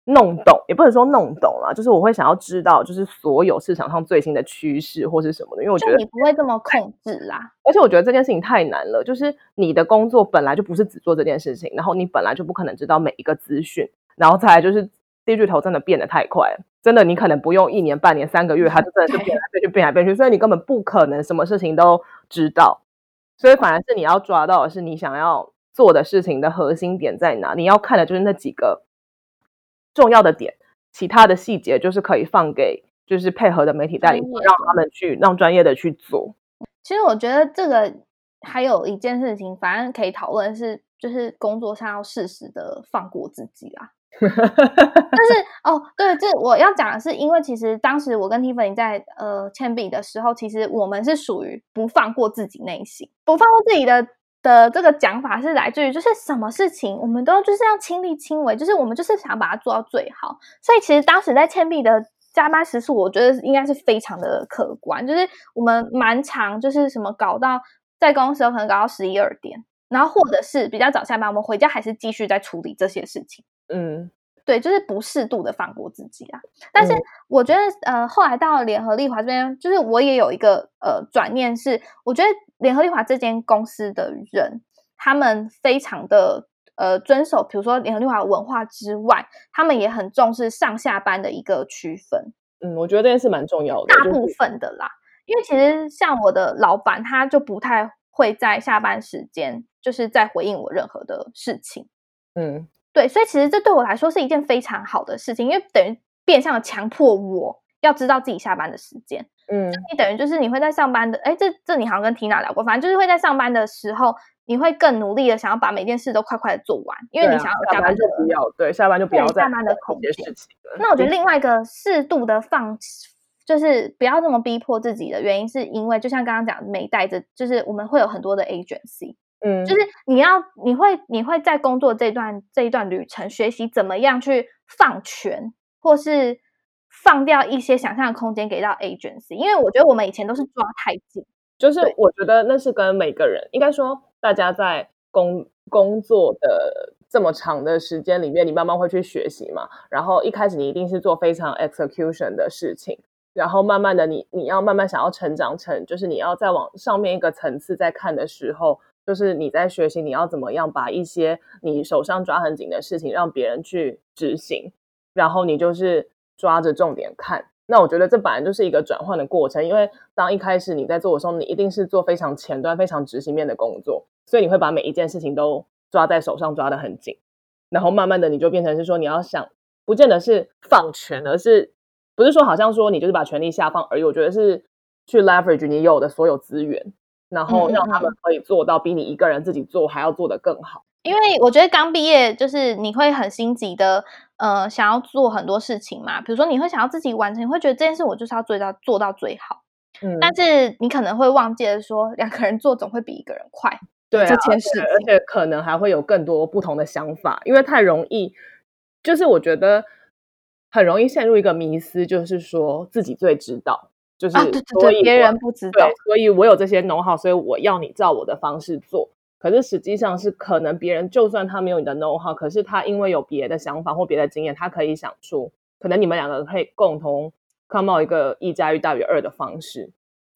弄懂，也不能說弄懂了，就是我會想要知道，就是所有市場上最新的趨勢或是什麼的，因為我覺得你不會這麼控制啦，而且我覺得這件事情太難了，就是你的工作本來就不是只做這件事情，然後你本來就不可能知道每一個資訊，然後再來就是 digital 真的變得太快了，真的你可能不用一年、半年、三個月，它就真的是變，變，變來變去、變來變去，所以你根本不可能什麼事情都知道。所以反而是你要抓到的是你想要做的事情的核心點在哪？你要看的就是那幾個重要的點，其他的細節就是可以放給就是配合的媒體代理，嗯、讓他們去、嗯、讓專業的去做。其實我覺得這個還有一件事情，反正可以討論的是，就是工作上要適時的放過自己啊。 但是哦，對，這、就是、我要講的是，因為其實當時我跟 Tiffany 在呃倩碧的時候，其實我們是屬於不放過自己內心，不放過自己的的這個講法是來自於就是什麼事情我們都就是要親力親為，就是我們就是想把它做到最好。所以其實當時在倩碧的加班時數，我覺得應該是非常的可觀，就是我們蠻長，就是什麼搞到在公司有可能搞到十一二點，然後或者是比較早下班，我們回家還是繼續在處理這些事情。嗯，對，就是不適度的放過自己啊。但是我覺得，嗯、呃，後來到了聯合利華這邊，就是我也有一個呃轉念是，是我覺得聯合利華這間公司的人，他們非常的呃遵守，比如說聯合利華文化之外，他們也很重視上下班的一個區分。嗯，我覺得這件事蠻重要的、就是，大部分的啦，因為其實像我的老闆，他就不太會在下班時間就是在回應我任何的事情。嗯。對，所以其實這對我來說是一件非常好的事情，因為等於變相的強迫我要知道自己下班的時間。嗯，你等於就是你會在上班的，哎，這這你好像跟緹娜聊過，反正就是會在上班的時候，你會更努力的想要把每件事都快快的做完，因為你想要下班就，下班就不要，對，下班就不要再。慢慢的妥協。那我覺得另外一個適度的放棄，就是不要這麼逼迫自己的原因，是因為就像剛剛講，沒帶着，就是我們會有很多的 agency。嗯，就是你要，你會，你會在工作這段這一段旅程學習怎麼樣去放權，或是放掉一些想象的空間給到 agency。因為我覺得我們以前都是抓太緊。就是我覺得那是跟每個人應該說，大家在工工作的這麼長的時間裡面，你慢慢會去學習嘛。然後一開始你一定是做非常 execution 的事情，然後慢慢的你你要慢慢想要成長成，就是你要再往上面一個層次再看的時候。就是你在學習，你要怎麼樣把一些你手上抓很緊的事情讓別人去執行，然後你就是抓着重點看。那我覺得這本來就是一個轉換的過程，因為當一開始你在做的時候，你一定是做非常前端、非常執行面的工作，所以你會把每一件事情都抓在手上抓得很緊，然後慢慢的你就變成是說你要想，不見得是放權，而是不是說好像說你就是把權力下放而已，而我覺得是去 leverage 你有的所有資源。然後讓他們可以做到比你一個人自己做還要做得更好。嗯，因為我覺得剛畢業就是你會很心急的，呃，想要做很多事情嘛。比如說你會想要自己完成，你會覺得這件事我就是要做到做到最好。嗯，但是你可能會忘記了說兩個人做總會比一個人快，對這、啊、件事、啊，而且可能還會有更多不同的想法，因為太容易，就是我覺得很容易陷入一個迷思，就是說自己最知道。就是，啊、對，對，對，所以我，別人不知道、啊，所以我有這些 know how，所以我要你照我的方式做。可是實際上是，可能別人就算他沒有你的 know how，可是他因為有別的想法或別的經驗，他可以想出，可能你們兩個可以共同 come out 一個一加一大於二的方式。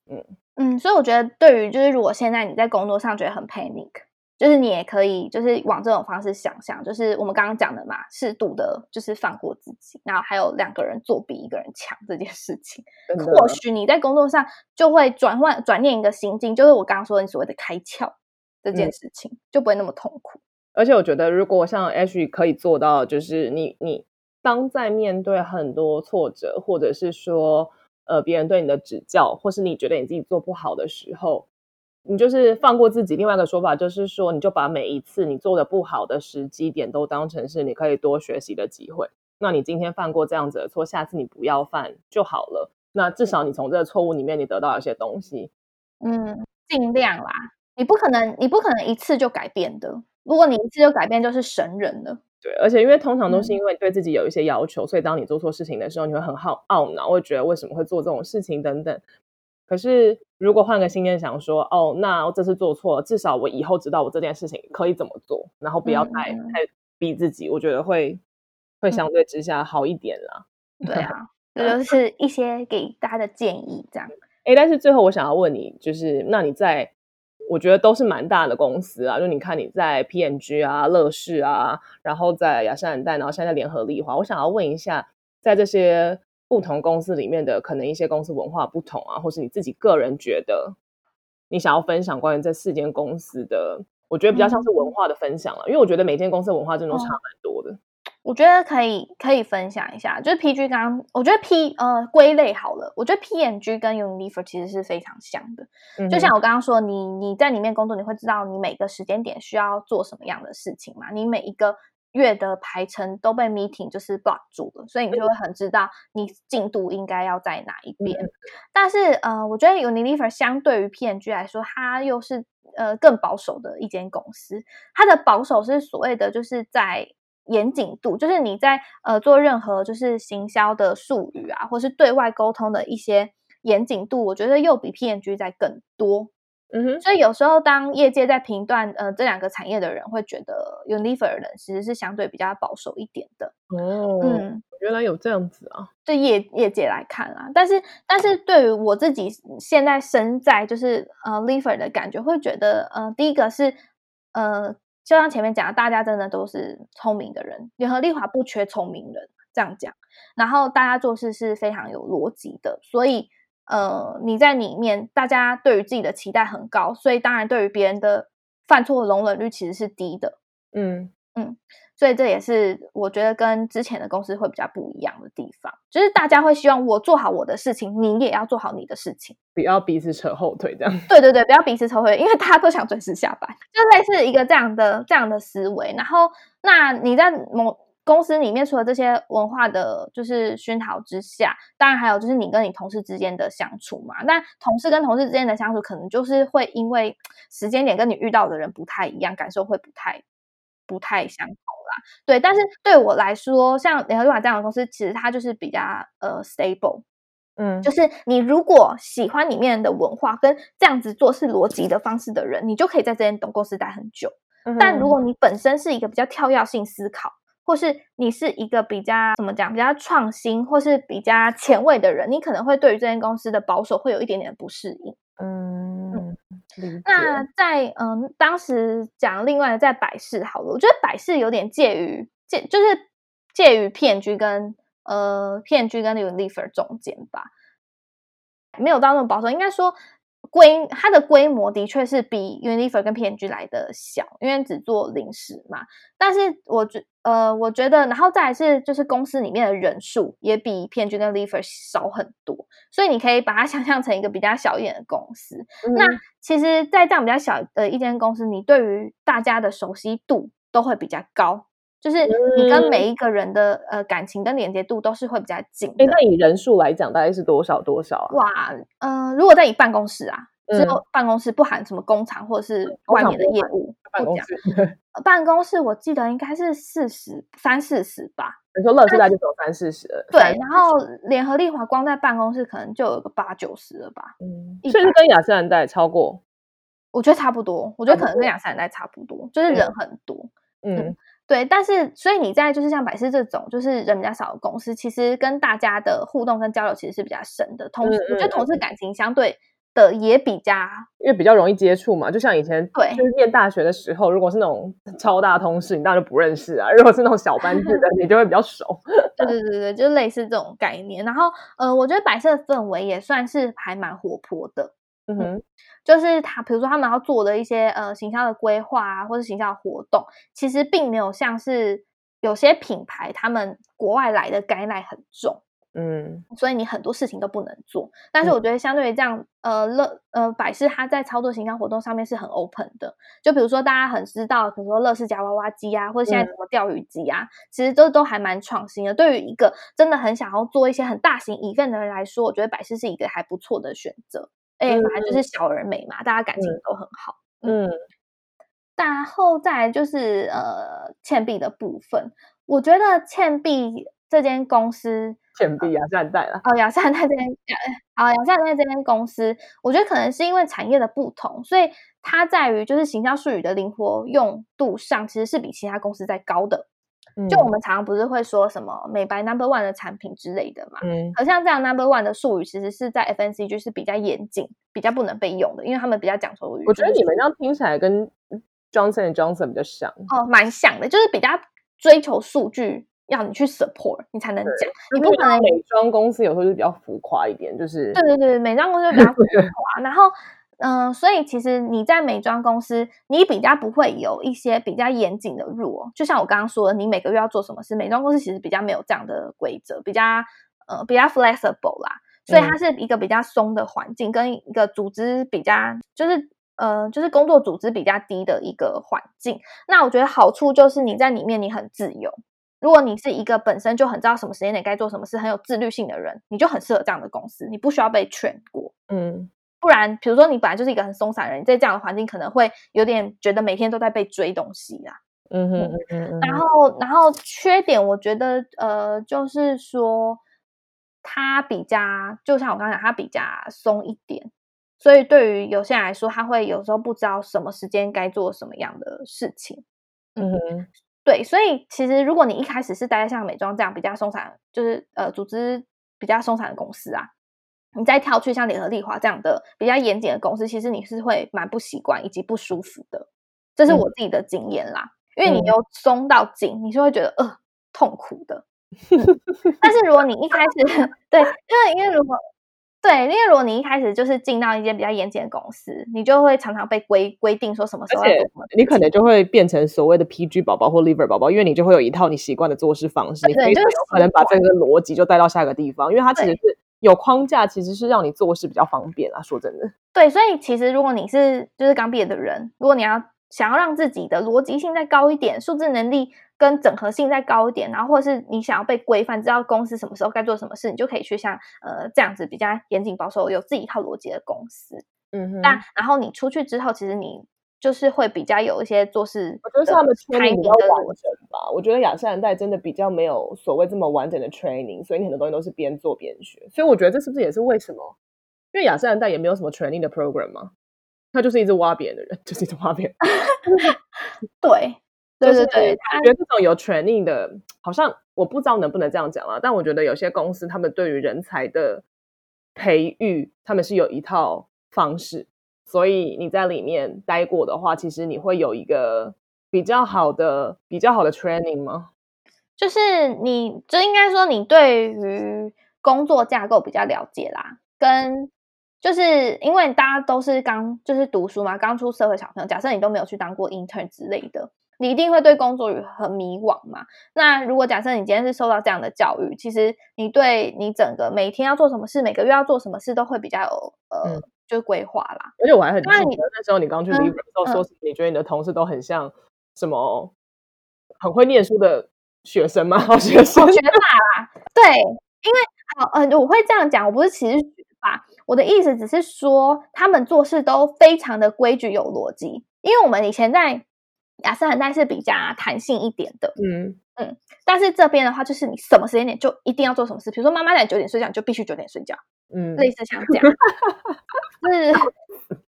嗯嗯，所以我覺得，對於就是如果現在你在工作上覺得很 panic。就是你也可以，就是往這種方式想想，就是我們剛剛講的嘛，適度的，就是放過自己，然後還有兩個人做比一個人強這件事情，或許你在工作上就會轉換轉念一個心境，就是我剛剛說的你所謂的開竅這件事情，嗯，就不會那麼痛苦。而且我覺得，如果像 Ashley 可以做到，就是你你當在面對很多挫折，或者是說呃別人對你的指教，或是你覺得你自己做不好的時候，你就是放過自己。另外一個說法就是說，你就把每一次你做的不好的時機點都當成是你可以多學習的機會。那你今天犯過這樣子的錯，下次你不要犯就好了。那至少你從這個錯誤裡面，你得到一些東西。嗯，盡量啦。你不可能，你不可能一次就改變的。如果你一次就改變，就是神人了。對，而且因為通常都是因為對自己有一些要求，嗯、所以當你做錯事情的時候，你會很好懊惱，會覺得為什麼會做這種事情等等。可是，如果換個心念，想說，哦，那我這次做錯了，至少我以後知道我這件事情可以怎麼做，然後不要太、嗯、太逼自己，我覺得會會相對之下好一點啦、嗯。對啊，這 就是一些給大家的建議，這樣。哎，但是最後我想要問你，就是那你在，我覺得都是蠻大的公司啊，就你看你在 P&G 啊、樂事啊，然後在雅詩蘭黛，然後現在，在聯合利華，我想要問一下，在這些。不同公司裡面的可能一些公司文化不同啊，或是你自己個人覺得你想要分享關於這四間公司的，我覺得比較像是文化的分享了、啊嗯，因為我覺得每間公司文化真的差蠻多的。我覺得可以可以分享一下，就是 PG 剛剛，我覺得 P 呃歸類好了，我覺得 P&G 跟 Unilever 其實是非常像的，就像我剛剛說，你你在裡面工作，你會知道你每個時間點需要做什麼樣的事情嘛，你每一個。月的排程都被 meeting 就是 block 住了，所以你就會很知道你進度應該要在哪一邊。但是呃，我覺得 Unilever 相對於 P&G 來說，它又是呃更保守的一間公司。它的保守是所謂的就是在嚴謹度，就是你在呃做任何就是行銷的術語啊，或是對外溝通的一些嚴謹度，我覺得又比 P&G 再更多。嗯、mm -hmm.，所以有時候當業界在評斷呃這兩個產業的人，會覺得 Unilever 的人其實是相對比較保守一點的。哦、oh,，嗯，原來有這樣子啊。對業業界來看啊，但是但是對於我自己現在身在就是呃 Unilever 的感覺，會覺得呃第一個是呃就像前面講的，大家真的都是聰明的人，聯合利華不缺聰明人這樣講，然後大家做事是非常有邏輯的，所以。呃，你在裡面，大家對於自己的期待很高，所以當然對於別人的犯錯容忍率其實是低的。嗯嗯，所以這也是我覺得跟之前的公司會比較不一樣的地方，就是大家會希望我做好我的事情，你也要做好你的事情，不要彼此扯後腿這樣。對對對，不要彼此扯後腿，因為大家都想準時下班，就類似一個這樣的這樣的思維。然後，那你在某。公司裡面除了這些文化的，就是熏陶之下，當然還有就是你跟你同事之間的相處嘛。那同事跟同事之間的相處，可能就是會因為時間點跟你遇到的人不太一樣，感受會不太不太相同啦。對，但是對我來說，像聯合利華這樣的公司，其實它就是比較呃 stable，嗯，就是你如果喜歡裡面的文化跟這樣子做事邏輯的方式的人，你就可以在這間董公司待很久。嗯。但如果你本身是一個比較跳躍性思考，或是你是一個比較怎麼講，比較創新或是比較前衛的人，你可能會對於這間公司的保守會有一點點的不適應。嗯，嗯嗯那在嗯，當時講另外的，在百事好了，我覺得百事有點介於介就是介於 P&G 跟呃 P&G 跟 Unilever 中間吧，沒有到那麼保守。應該說，規它的規模的確是比 Unilever 跟 P&G 來的小，因為只做零食嘛。但是我覺呃，我覺得，然後再來是，就是公司裡面的人數也比 P&G 跟 Lever 少很多，所以你可以把它想象成一個比較小一點的公司。嗯、那其實，在這樣比較小的一間公司，你對於大家的熟悉度都會比較高，就是你跟每一個人的、嗯、呃感情跟連接度都是會比較緊。那以人數來講，大概是多少多少啊？哇，嗯、呃，如果在你辦公室啊，之、嗯、後、就是、辦公室，不含什麼工廠或者是外面的業務。不講。 辦公室我記得應該是四十三四十吧。你說樂事就只有三四十，對。然後聯合利華光在辦公室可能就有個八九十了吧。嗯，所以是跟雅詩蘭黛超過？我覺得差不多，啊、我覺得可能跟雅詩蘭黛差不多、啊，就是人很多。嗯，對、嗯嗯嗯。但是所以你在就是像百事這種就是人比較少的公司，其實跟大家的互動跟交流其實是比較深的，同就同事感情相對。嗯嗯的也比較，因為比較容易接觸嘛，就像以前，對，就是念大學的時候，如果是那種超大通識，你當然就不認識啊。如果是那種小班制的， 你就會比較熟。對對對對，就類似這種概念。然後，嗯、呃、我覺得白色氛圍也算是還蠻活潑的。嗯哼，嗯就是他，比如說他們要做的一些呃形象的規劃啊，或是形象活動，其實並沒有像是有些品牌他們國外來的概念很重。嗯，所以你很多事情都不能做，但是我覺得相對於這樣，嗯、呃，樂呃百事，它在操作形象活動上面是很 open 的。就比如說大家很知道，比如說樂事夾娃娃機啊，或者現在什麼釣魚機啊，嗯、其實都都還蠻創新的。對於一個真的很想要做一些很大型 event 的人來說，我覺得百事是一個還不錯的選擇。哎、欸，反、嗯、正就是小而美嘛，大家感情都很好。嗯，嗯嗯然後再來就是呃，倩碧的部分，我覺得倩碧。這間公司倩碧啊，雅詩蘭黛了哦，雅詩蘭黛這邊、啊，好，雅詩蘭黛這邊公司，我覺得可能是因為產業的不同，所以它在於就是行銷術語的靈活用度上，其實是比其他公司在高的、嗯。就我們常常不是會說什麼美白 number、no. one 的產品之類的嘛，嗯，好像這樣 number、no. one 的術語，其實是在 FMCG 就是比較嚴謹、比較不能被用的，因為他們比較講術語。我覺得你們這樣聽起來跟 Johnson & Johnson 比較像哦，蠻像的，就是比較追求數據。要你去 support，你才能講。你不可能、啊。美妝公司有時候就比較浮誇一點，就是對對對，美妝公司比較浮誇。 然後，嗯、呃，所以其實你在美妝公司，你比較不會有一些比較嚴謹的 rule。就像我剛剛說的，你每個月要做什麼事？美妝公司其實比較沒有這樣的規則，比較呃比較 flexible 啦。所以它是一個比較鬆的環境，嗯、跟一個組織比較，就是呃就是工作組織比較低的一個環境。那我覺得好處就是你在裡面你很自由。如果你是一個本身就很知道什麼時間點該做什麼事，很有自律性的人，你就很適合這樣的公司，你不需要被 train 過。嗯，不然，比如說你本來就是一個很鬆散的人，你在這樣的環境可能會有點覺得每天都在被追東西啊。嗯嗯嗯。然後，然後缺點我覺得呃，就是說他比較，就像我剛剛講，他比較鬆一點，所以對於有些人來說，他會有時候不知道什麼時間該做什麼樣的事情。嗯，嗯。對，所以其實如果你一開始是待在像美妝這樣比較鬆散，就是呃組織比較鬆散的公司啊，你再跳去像聯合利華這樣的比較嚴謹的公司，其實你是會蠻不習慣以及不舒服的，這是我自己的經驗啦。嗯、因為你由鬆到緊，你是會覺得呃痛苦的。嗯、 但是如果你一開始對，因為因為如果。對，因為如果你一開始就是進到一間比較嚴謹的公司，你就會常常被規規定說什麼時候要，你可能就會變成所謂的 PG 寶寶或 Liver 寶寶，因為你就會有一套你習慣的做事方式，你可以可能把這個邏輯就帶到下一個地方，因為它其實是有框架，其實是讓你做事比較方便啊，說真的。對，所以其實如果你是就是剛畢業的人，如果你要。想要讓自己的邏輯性再高一點，數字能力跟整合性再高一點，然後或者是你想要被規範，知道公司什麼時候該做什麼事，你就可以去像呃這樣子比較嚴謹保守、有自己一套邏輯的公司。嗯哼。那然後你出去之後，其實你就是會比較有一些做事，我覺得是他們的 training 比較完整吧。嗯、我覺得雅詩蘭黛真的比較沒有所謂這麼完整的 training，所以你很多東西都是邊做邊學。所以我覺得這是不是也是為什麼？因為雅詩蘭黛也沒有什麼 training 的 program 嘛、啊。他就是一直挖別人的人，就是一直挖別人。 對，對對對，我、就是、覺得這種有 training 的，好像我不知道能不能這樣講啦、啊，但我覺得有些公司他們對於人才的培育，他們是有一套方式，所以你在裡面待過的話，其實你會有一個比較好的、比較好的 training 嗎？就是你就應該說你對於工作架構比較了解啦，跟。就是因為大家都是剛就是讀書嘛，剛出社會小朋友，假設你都沒有去當過 intern 之類的，你一定會對工作很迷惘嘛。那如果假設你今天是受到這樣的教育，其實你對你整個每天要做什麼事，每個月要做什麼事，都會比較有呃，嗯、就是規劃啦。而且我還很記得你那時候你剛去樂事的時候，說你覺得你的同事都很像什麼，很會念書的學生嗎？好、嗯嗯、學生，學霸啦。對，嗯、因為呃、嗯、我會這樣講，我不是其實學霸。我的意思只是說，他們做事都非常的規矩有邏輯。因為我們以前在雅詩蘭黛是比較彈性一點的，嗯嗯，但是這邊的話，就是你什麼時間點就一定要做什麼事，比如說媽媽在九點睡覺，你就必須九點睡覺，嗯，類似像這樣， 是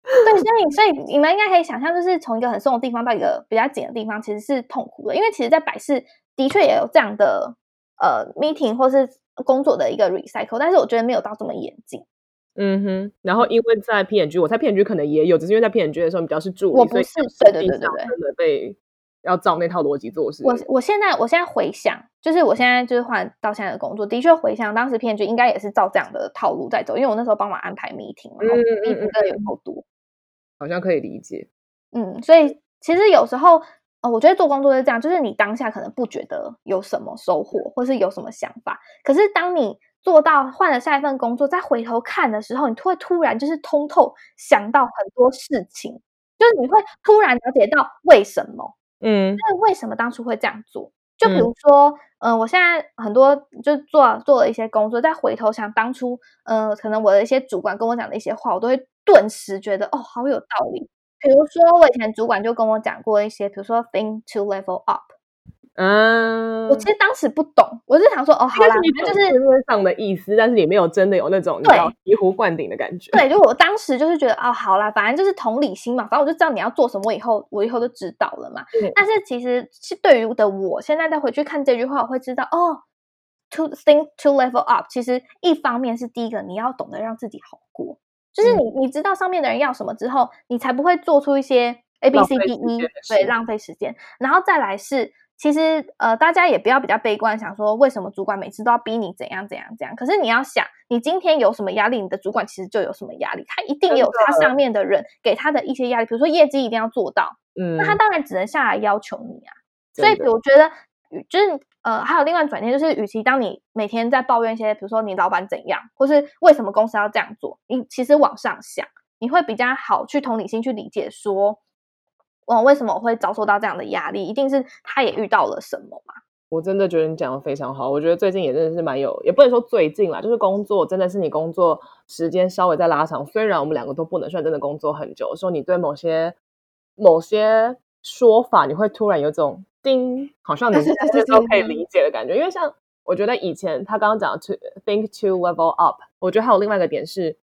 對，所以所以你們應該可以想象，就是從一個很鬆的地方到一個比較緊的地方，其實是痛苦的。因為其實，在百事的確也有這樣的呃 meeting 或是工作的一個 recycle，但是我覺得沒有到這麼嚴謹。嗯哼，然後因為在 P&G，我在 P&G 可能也有，只是因為在 P&G 的時候比較是助理，所以是被的，對對對,對,對被要照那套邏輯做事。我我現在我現在回想，就是我現在就是換到現在的工作，的確回想當時 P&G 應該也是照這樣的套路在走，因為我那時候幫忙安排 meeting 嘛，meeting 的有好多，好像可以理解。嗯，所以其實有時候，哦，我覺得做工作是這樣，就是你當下可能不覺得有什麼收穫，或是有什麼想法，可是當你。做到換了下一份工作，再回頭看的時候，你會突然就是通透，想到很多事情，就是你會突然了解到為什麼，嗯，就是為、為什麼當初會這樣做。就比如說，嗯、呃，我現在很多就是做做了一些工作，再回頭想當初，嗯、呃，可能我的一些主管跟我講的一些話，我都會頓時覺得哦，好有道理。比如說，我以前主管就跟我講過一些，比如說 “thing to level up”。嗯，我其實當時不懂，我就想說，哦，好啦，你們就是上的意思。嗯，但是也沒有真的有那種、嗯、你對醍醐灌頂的感覺。對，就我當時就是覺得，哦，好啦，反正就是同理心嘛，反正我就知道你要做什麼，我以後我以後就知道了嘛。嗯、但是其實是對於我的我，我現在再回去看這句話，我會知道，哦，to think to level up，其實一方面是第一個，你要懂得讓自己好過，嗯，就是你你知道上面的人要什麼之後，你才不會做出一些 a b c d e，對，浪費時間。然後再來是。其實，呃，大家也不要比較悲觀，想說為什麼主管每次都要逼你怎樣怎樣怎樣。可是你要想，你今天有什麼壓力，你的主管其實就有什麼壓力，他一定也有他上面的人給他的一些壓力，比如說業績一定要做到，嗯，那他當然只能下來要求你啊。所以我覺得，就是呃，還有另外一轉念，就是與其當你每天在抱怨一些，比如說你老闆怎樣，或是為什麼公司要這樣做，你其實往上想，你會比較好去同理心去理解說。哦，為什麼我會遭受到這樣的壓力？一定是他也遇到了什麼嗎？我真的覺得你講的非常好。我覺得最近也真的是蠻有，也不能說最近啦，就是工作真的是你工作時間稍微在拉長。雖然我們兩個都不能算真的工作很久，所以你對某些某些說法，你會突然有種“叮”，好像你是在這些都可以理解的感覺。 因為像我覺得以前他剛剛講 “to think to level up”，我覺得還有另外一個點是。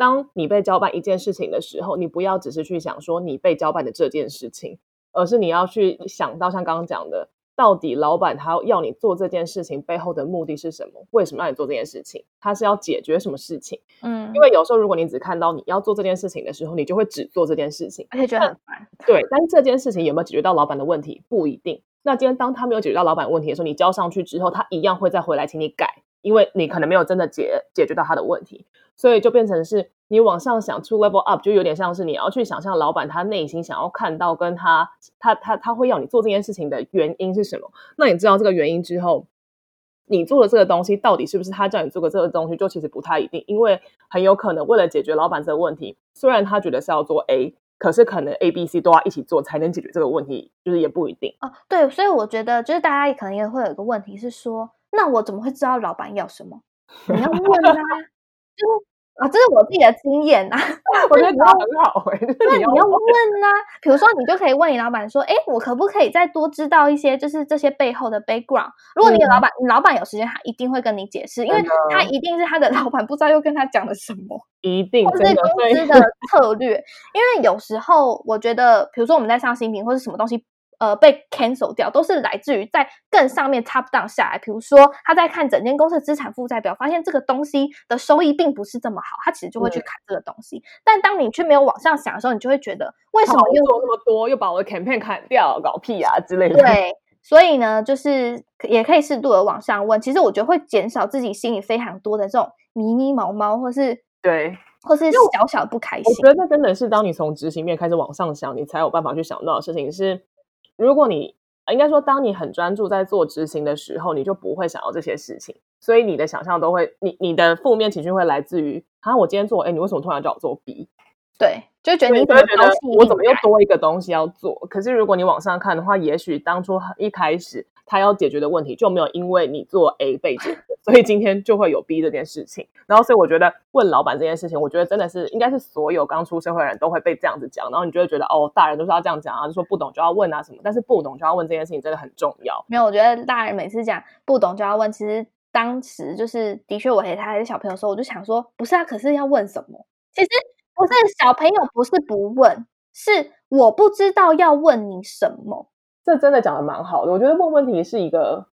當你被交辦一件事情的時候，你不要只是去想說你被交辦的這件事情，而是你要去想到像剛剛講的，到底老闆他要你做這件事情背後的目的是什麼？為什麼讓你做這件事情？他是要解決什麼事情？嗯，因為有時候如果你只看到你要做這件事情的時候，你就會只做這件事情，而且覺得很煩。對，但這件事情有沒有解決到老闆的問題不一定。那今天當他沒有解決到老闆的問題的時候，你交上去之後，他一樣會再回來請你改。因為你可能沒有真的解解決到他的問題，所以就變成是你往上想出 level up，就有點像是你要去想象老闆他內心想要看到跟他他他他會要你做這件事情的原因是什麼？那你知道這個原因之後，你做了這個東西到底是不是他叫你做的這個東西，就其實不太一定，因為很有可能為了解決老闆這個問題，雖然他覺得是要做 A，可是可能 A B C 都要一起做才能解決這個問題，就是也不一定哦，啊，對，所以我覺得就是大家可能也會有一個問題是說。那我怎麼會知道老板要什麼？你要問啊、 就是！啊，這是我自己的經驗啊！我覺得你很好哎、欸就是。那你要問啊，比如說你就可以問你老板說：“哎、欸，我可不可以再多知道一些？就是這些背後的 background。如果你給老板、嗯，你老板有時間，他一定會跟你解釋，因為他一定是他的老板、嗯，不知道又跟他講了什麼，一定。或是公司的策略， 因為有時候我覺得，比如說我們在上新品或是什麼東西。呃，被 cancel 掉都是來自於在更上面 top down 下來。比如說，他在看整間公司的資產負債表，發現這個東西的收益並不是這麼好，他其實就會去砍這個東西。嗯、但當你卻沒有往上想的時候，你就會覺得為什麼又做那麼多，又把我的 campaign 砍掉，搞屁啊之類的。對，所以呢，就是也可以適度的往上問。其實我覺得會減少自己心裡非常多的這種迷迷毛毛，或是對，或是小小的不開心。我覺得這真的是當你從執行面開始往上想，你才有辦法去想到的事情是。如果你，應該說，當你很專注在做執行的時候，你就不會想要這些事情，所以你的想象都會，你你的負面情緒會來自於，啊，我今天做 A，哎，你為什麼突然叫我做 B？對，就覺得你怎麼又我怎麼又多一個東西要做？可是如果你往上看的話，也許當初一開始。他要解決的問題就沒有因為你做 A 被解決，所以今天就會有 B 這件事情。 然後，所以我覺得問老闆這件事情，我覺得真的是應該是所有剛出社會的人都會被這樣子講。然後你就會覺得哦，大人就是要這樣講啊，就說不懂就要問啊什麼。但是不懂就要問這件事情真的很重要。沒有，我覺得大人每次講不懂就要問，其實當時就是的確我給他還是小朋友的時候，我就想說不是啊，可是要問什麼？其實不是小朋友不是不問，是我不知道要問你什麼。這真的講的蠻好的，我覺得問問題是一個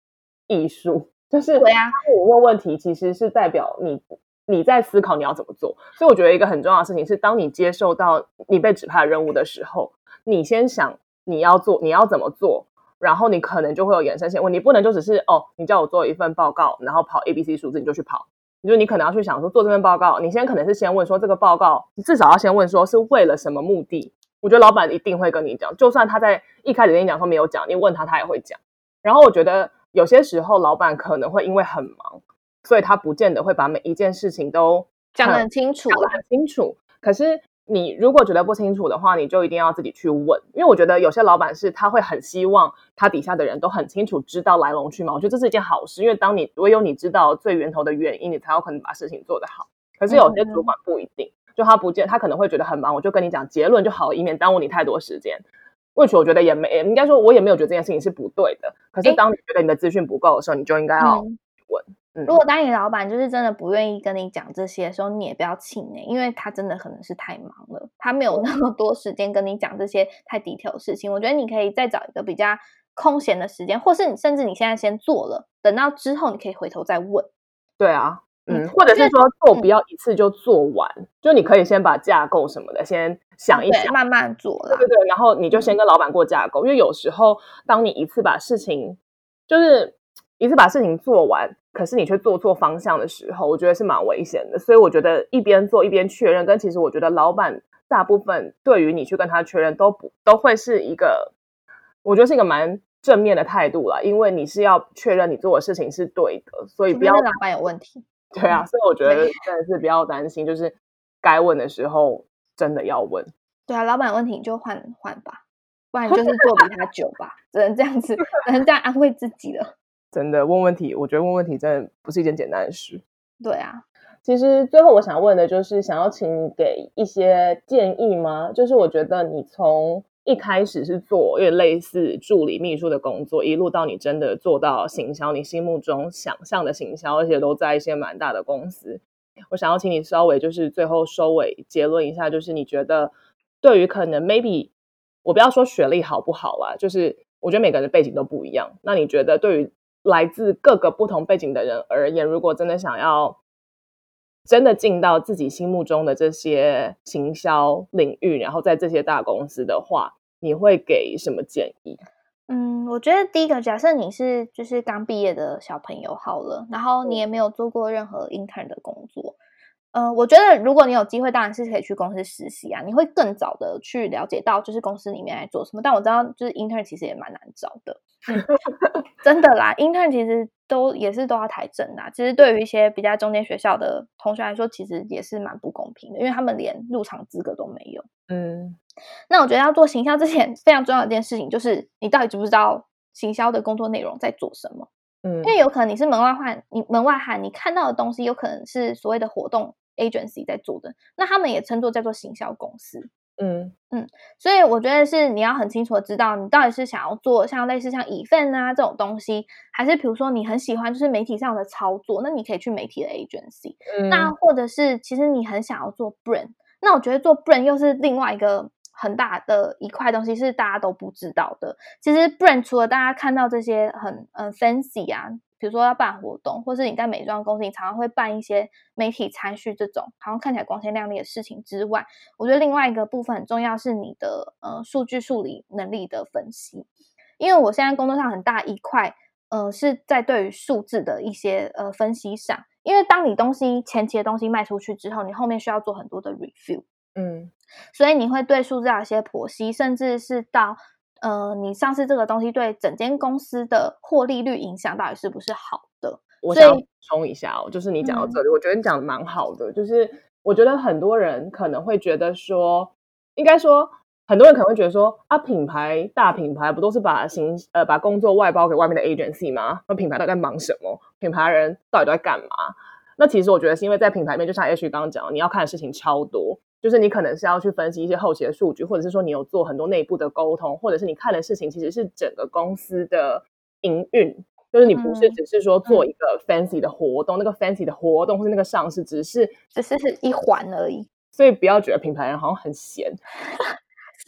藝術，就是對啊，我問問題其實是代表你你在思考你要怎麼做，所以我覺得一個很重要的事情是，當你接受到你被指派的任務的時候，你先想你要做你要怎麼做，然後你可能就會有延伸性問，你不能就只是哦，你叫我做一份報告，然後跑 ABC 數字你就去跑，你就你可能要去想說做這份報告，你先可能是先問說這個報告你至少要先問說是為了什麼目的。我覺得老闆一定會跟你講，就算他在一開始跟你講說沒有講，你問他他也會講。然後我覺得有些時候老闆可能會因為很忙，所以他不見得會把每一件事情都講得很清楚、啊，講得很清楚。可是你如果覺得不清楚的話，你就一定要自己去問，因為我覺得有些老闆是他會很希望他底下的人都很清楚知道來龍去脈。我覺得這是一件好事，因為當你唯有你知道最源頭的原因，你才有可能把事情做得好。可是有些主管不一定。嗯嗯就他不見，他可能會覺得很忙。我就跟你講結論就好，以免耽誤你太多時間。問題我覺得也沒，應該說我也沒有覺得這件事情是不對的。可是當你覺得你的資訊不夠的時候，欸、你就應該要問、嗯嗯。如果當你老板就是真的不願意跟你講這些的時候，你也不要氣餒、欸，因為他真的可能是太忙了，他沒有那麼多時間跟你講這些太 detail 的事情。我覺得你可以再找一個比較空閒的時間，或是你甚至你現在先做了，等到之後你可以回頭再問。對啊。嗯，或者是說做不要一次就做完，嗯、就你可以先把架構什麼的、嗯、先想一想，慢慢做。對，對對，然後你就先跟老闆過架構，嗯、因為有時候當你一次把事情就是一次把事情做完，可是你卻做錯方向的時候，我覺得是蠻危險的。所以我覺得一邊做一邊確認，跟其實我覺得老闆大部分對於你去跟他確認都不都會是一個，我覺得是一個蠻正面的態度啦，因為你是要確認你做的事情是對的，所以不要老闆有問題。對啊，所以我覺得真的是不要擔心，就是該問的時候真的要問。對啊，老闆問題你就換換吧，不然就是做比他久吧，吧只能這樣子， 只能這樣安慰自己了。真的問問題，我覺得問問題真的不是一件簡單的事。對啊，其實最後我想問的就是，想要請你給一些建議嗎？就是我覺得你從。一開始是做有點類似助理秘書的工作，一路到你真的做到行銷，你心目中想象的行銷，而且都在一些蠻大的公司。我想要請你稍微就是最後收尾結論一下，就是你覺得對於可能 maybe，我不要說學歷好不好啊，就是我覺得每個人的背景都不一樣。那你覺得對於來自各個不同背景的人而言，如果真的想要真的進到自己心目中的這些行銷領域，然後在這些大公司的話，你會給什麼建議？嗯，我覺得第一個，假設你是就是剛畢業的小朋友好了，然後你也沒有做過任何 intern 的工作，嗯、呃，我覺得如果你有機會，當然是可以去公司實習啊，你會更早的去了解到就是公司裡面在做什麼。但我知道，就是 intern 其實也蠻難找的， 嗯、真的啦 ，intern 其實。都也是都要台政啊，其實對於一些比較中間學校的同學來說，其實也是蠻不公平的，因為他們連入場資格都沒有。嗯，那我覺得要做行銷之前，非常重要的一件事情就是，你到底知不知道行銷的工作內容在做什麼？嗯，因為有可能你是門外漢，你門外漢，你看到的東西有可能是所謂的活動 agency 在做的，那他們也稱作叫做行銷公司。嗯嗯，所以我覺得是你要很清楚的知道你到底是想要做像類似像乙方啊這種東西，還是比如說你很喜歡就是媒體上的操作，那你可以去媒體的 agency，嗯。那或者是其實你很想要做 brand，那我覺得做 brand 又是另外一個。很大的一塊東西是大家都不知道的。其實，Brand 除了大家看到這些很嗯 fancy 啊，比如說要辦活動，或是你在美妝公司，你常常會辦一些媒體餐敘這種好像看起來光鮮亮麗的事情之外，我覺得另外一個部分很重要是你的呃數據處理能力的分析。因為我現在工作上很大一塊，呃，是在對於數字的一些呃分析上。因為當你東西前期的東西賣出去之後，你後面需要做很多的 review，嗯。所以你會對數字、啊、有一些剖析，甚至是到呃，你上市這個東西對整間公司的獲利率影響到底是不是好的？我想補充一下哦，就是你講到這裡、嗯，我覺得你講的蠻好的。就是我覺得很多人可能會覺得說，應該說很多人可能會覺得說啊，品牌大品牌不都是把行呃把工作外包給外面的 agency 嗎？那品牌到底在忙什麼？品牌人到底都在幹嘛？那其實我覺得是因為在品牌面，就像 H 剛剛講的，你要看的事情超多。就是你可能是要去分析一些後期的數據，或者是說你有做很多內部的溝通，或者是你看的事情其實是整個公司的營運，就是你不是只是說做一個 fancy 的活動，嗯、那個 fancy 的活動或是那個上市只是只是是一環而已，所以不要覺得品牌人好像很閒。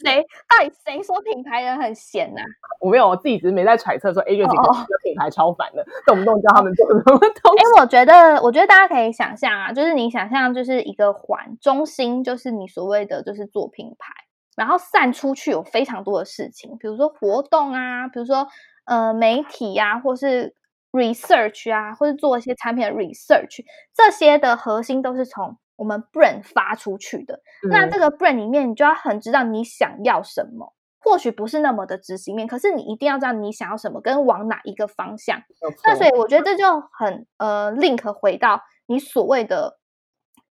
誰到底誰說品牌人很閒呢、啊？我沒有，我自己只是沒在揣測說 A 悅品牌一品牌超煩的，動不動叫他們做什麼東西。哎、欸，我覺得，我覺得大家可以想象啊，就是你想象就是一個環中心，就是你所謂的就是做品牌，然後散出去有非常多的事情，比如說活動啊，比如說呃媒體呀、啊，或是 research 啊，或是做一些產品的 research，這些的核心都是從。我們 brand 發出去的，嗯、那這個 brand 裡面，你就要很知道你想要什麼，或許不是那麼的執行面，可是你一定要知道你想要什麼，跟往哪一個方向。那所以我覺得這就很呃，link 回到你所謂的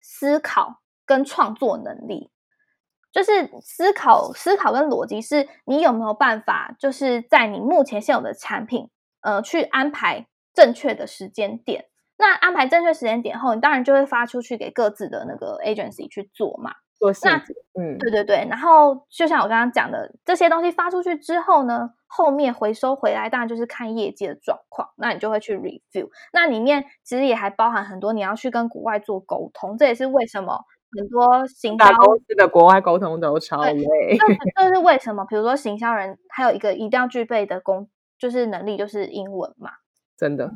思考跟創作能力，就是思考、思考跟邏輯，是你有沒有辦法，就是在你目前現有的產品，呃，去安排正確的時間點。那安排正確時間點後，你當然就會發出去給各自的那個 agency 去做嘛做。那，嗯，對對對。然後就像我剛剛講的，這些東西發出去之後呢，後面回收回來，當然就是看業績的狀況。那你就會去 review。那裡面其實也還包含很多你要去跟國外做溝通，這也是為什麼很多行銷大公司的國外溝通都超累。那這是為什麼？比如說行銷人，還有一個一定要具備的功，就是能力，就是英文嘛。真的。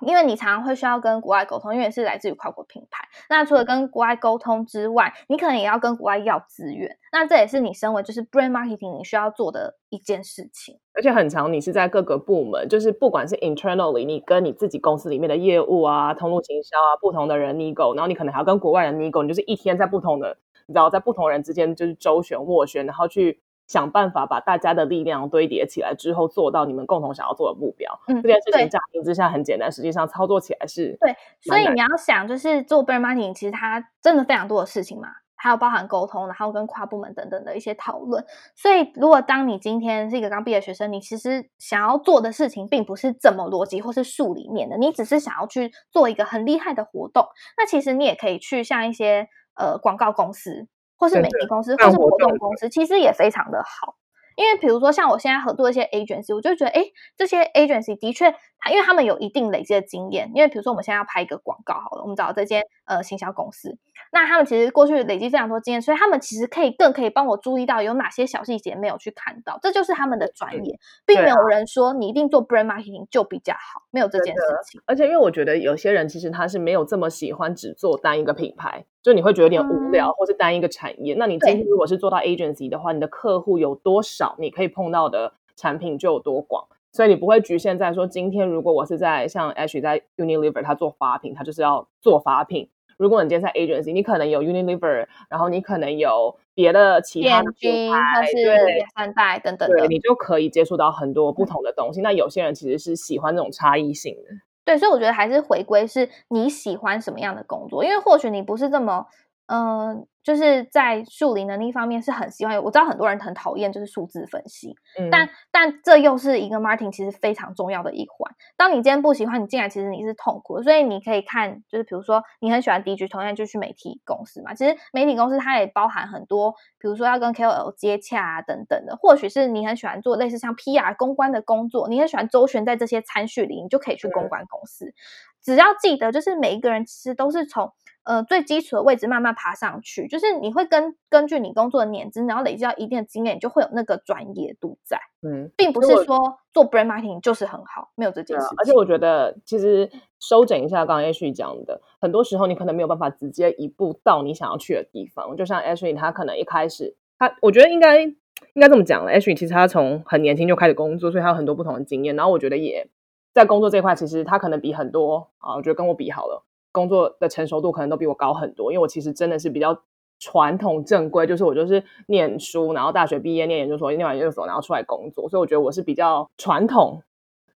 因為你常常會需要跟國外溝通，因為是來自於跨國品牌。那除了跟國外溝通之外，你可能也要跟國外要資源。那這也是你身為就是 brand marketing 你需要做的一件事情。而且很常你是在各個部門，就是不管是 internally 你跟你自己公司裡面的業務啊、通路行銷啊，不同的人 nego，然後你可能還要跟國外人 nego，你就是一天在不同的，你知道在不同人之間就是周旋斡旋，然後去。想辦法把大家的力量堆疊起來之後，做到你們共同想要做的目標。嗯，這件事情乍聽之下很簡單，實際上操作起來是。對，所以你要想，就是做 b r a r m a r e t i n 其實它真的非常多的事情嘛，還有包含溝通，然後跟跨部門等等的一些討論。所以，如果當你今天是一個剛畢業的學生，你其實想要做的事情並不是怎麼邏輯或是數理面的，你只是想要去做一個很厲害的活動，那其實你也可以去像一些呃廣告公司。或是媒體公司對對，或是活動公司對對，其實也非常的好。因為比如說，像我現在合作一些 agency，我就覺得，哎，這些 agency 的確，他因為他們有一定累積的經驗。因為比如說，我們現在要拍一個廣告，好了，我們找到這間呃行銷公司，那他們其實過去累積非常多經驗，所以他們其實可以更可以幫我注意到有哪些小細節沒有去看到，這就是他們的專業。並沒有人說你一定做 brand marketing 就比較好，沒有這件事情。而且因為我覺得有些人其實他是沒有這麼喜歡只做單一個品牌。就你會覺得有點無聊，嗯、或是單一一個產業。那你今天如果是做到 agency 的話，你的客戶有多少，你可以碰到的產品就有多廣。所以你不會局限在說，今天如果我是在像 Ashley 在 Unilever，他做髮品，他就是要做髮品。如果你今天在 agency，你可能有 Unilever，然後你可能有別的其他的品牌，對，三代等等的，你就可以接觸到很多不同的東西。那有些人其實是喜歡這種差異性的。對，所以我覺得還是回歸是你喜歡什麼樣的工作，因為或許你不是這麼，嗯、呃。就是在數理能力方面是很喜歡。我知道很多人很討厭就是數字分析，嗯、但但這又是一個 Martin 其實非常重要的一環。當你今天不喜歡你進來，其實你是痛苦的。所以你可以看，就是比如說你很喜歡第一局，同樣就去媒體公司嘛。其實媒體公司它也包含很多，比如說要跟 KOL 接洽啊等等的。或許是你很喜歡做類似像 PR 公關的工作，你很喜歡周旋在這些餐敘裡，你就可以去公關公司。嗯、只要記得，就是每一個人其實都是從。呃，最基礎的位置慢慢爬上去，就是你會根根據你工作的年資，然後累積到一定的經驗，你就會有那個專業度在。嗯，並不是說做 brand marketing 就是很好，沒有這件事情。嗯。而且我覺得其實收整一下，剛剛 Ashley 講的，很多時候你可能沒有辦法直接一步到你想要去的地方。就像 Ashley，他可能一開始，他我覺得應該應該這麼講了。Ashley 其實他從很年輕就開始工作，所以他有很多不同的經驗。然後我覺得也在工作這塊，其實他可能比很多啊，我覺得跟我比好了。工作的成熟度可能都比我高很多，因為我其實真的是比較傳統正規，就是我就是念書，然後大學畢業念研究所，念完研究所然後出來工作，所以我覺得我是比較傳統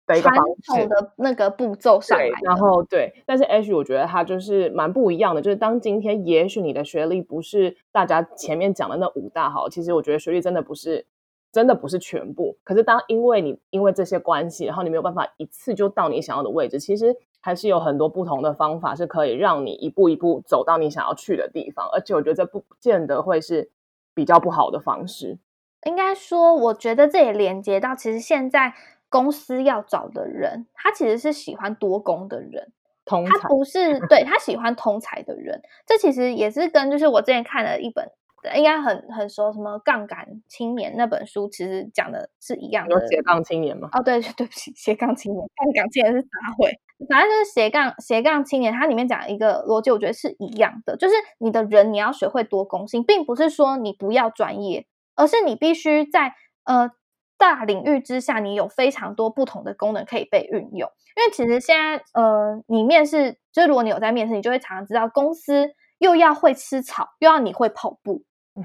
的一個方式，傳統的那個步驟上來。然後對，但是 Ashley 我覺得他就是蠻不一樣的，就是當今天也許你的學歷不是大家前面講的那五大好，其實我覺得學歷真的不是真的不是全部，可是當因為你因為這些關係，然後你沒有辦法一次就到你想要的位置，其實。還是有很多不同的方法是可以讓你一步一步走到你想要去的地方，而且我覺得這不見得會是比較不好的方式。應該說，我覺得這也連接到其實現在公司要找的人，他其實是喜歡多工的人，通才他不是 對，他喜歡通才的人。這其實也是跟就是我之前看了一本，應該很很熟，什麼“槓桿青年”那本書，其實講的是一樣的。有“斜槓青年”嗎？哦，對，對不起，“斜槓青年”“槓桿青年是”竟然是雜燴。反正就是斜槓斜槓青年，它裡面講一個邏輯，我覺得是一樣的。就是你的人，你要學會多工性，並不是說你不要專業，而是你必須在呃大領域之下，你有非常多不同的功能可以被運用。因為其實現在呃你面試，就是如果你有在面試，你就會常常知道，公司又要會吃草，又要你會跑步。這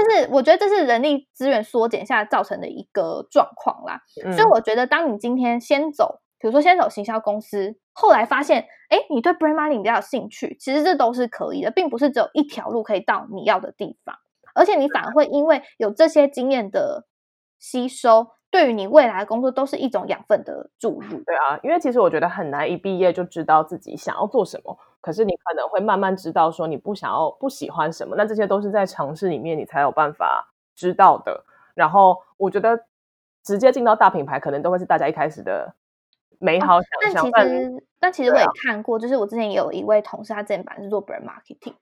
是我覺得這是人力資源縮減下造成的一個狀況啦，嗯。所以我覺得，當你今天先走。比如說，先走行銷公司，後來發現，哎，你對 brand marketing 比較有興趣，其實這都是可以的，並不是只有一條路可以到你要的地方，而且你反而會因為有這些經驗的吸收，對於你未來的工作都是一種養分的注入。對啊，因為其實我覺得很難一畢業就知道自己想要做什麼，可是你可能會慢慢知道說你不想要、不喜歡什麼，那這些都是在嘗試裡面你才有辦法知道的。然後，我覺得直接進到大品牌，可能都會是大家一開始的。美好想象、哦，但其實，但其實我也看過，啊，就是我之前也有一位同事，他之前本來是做 brand marketing，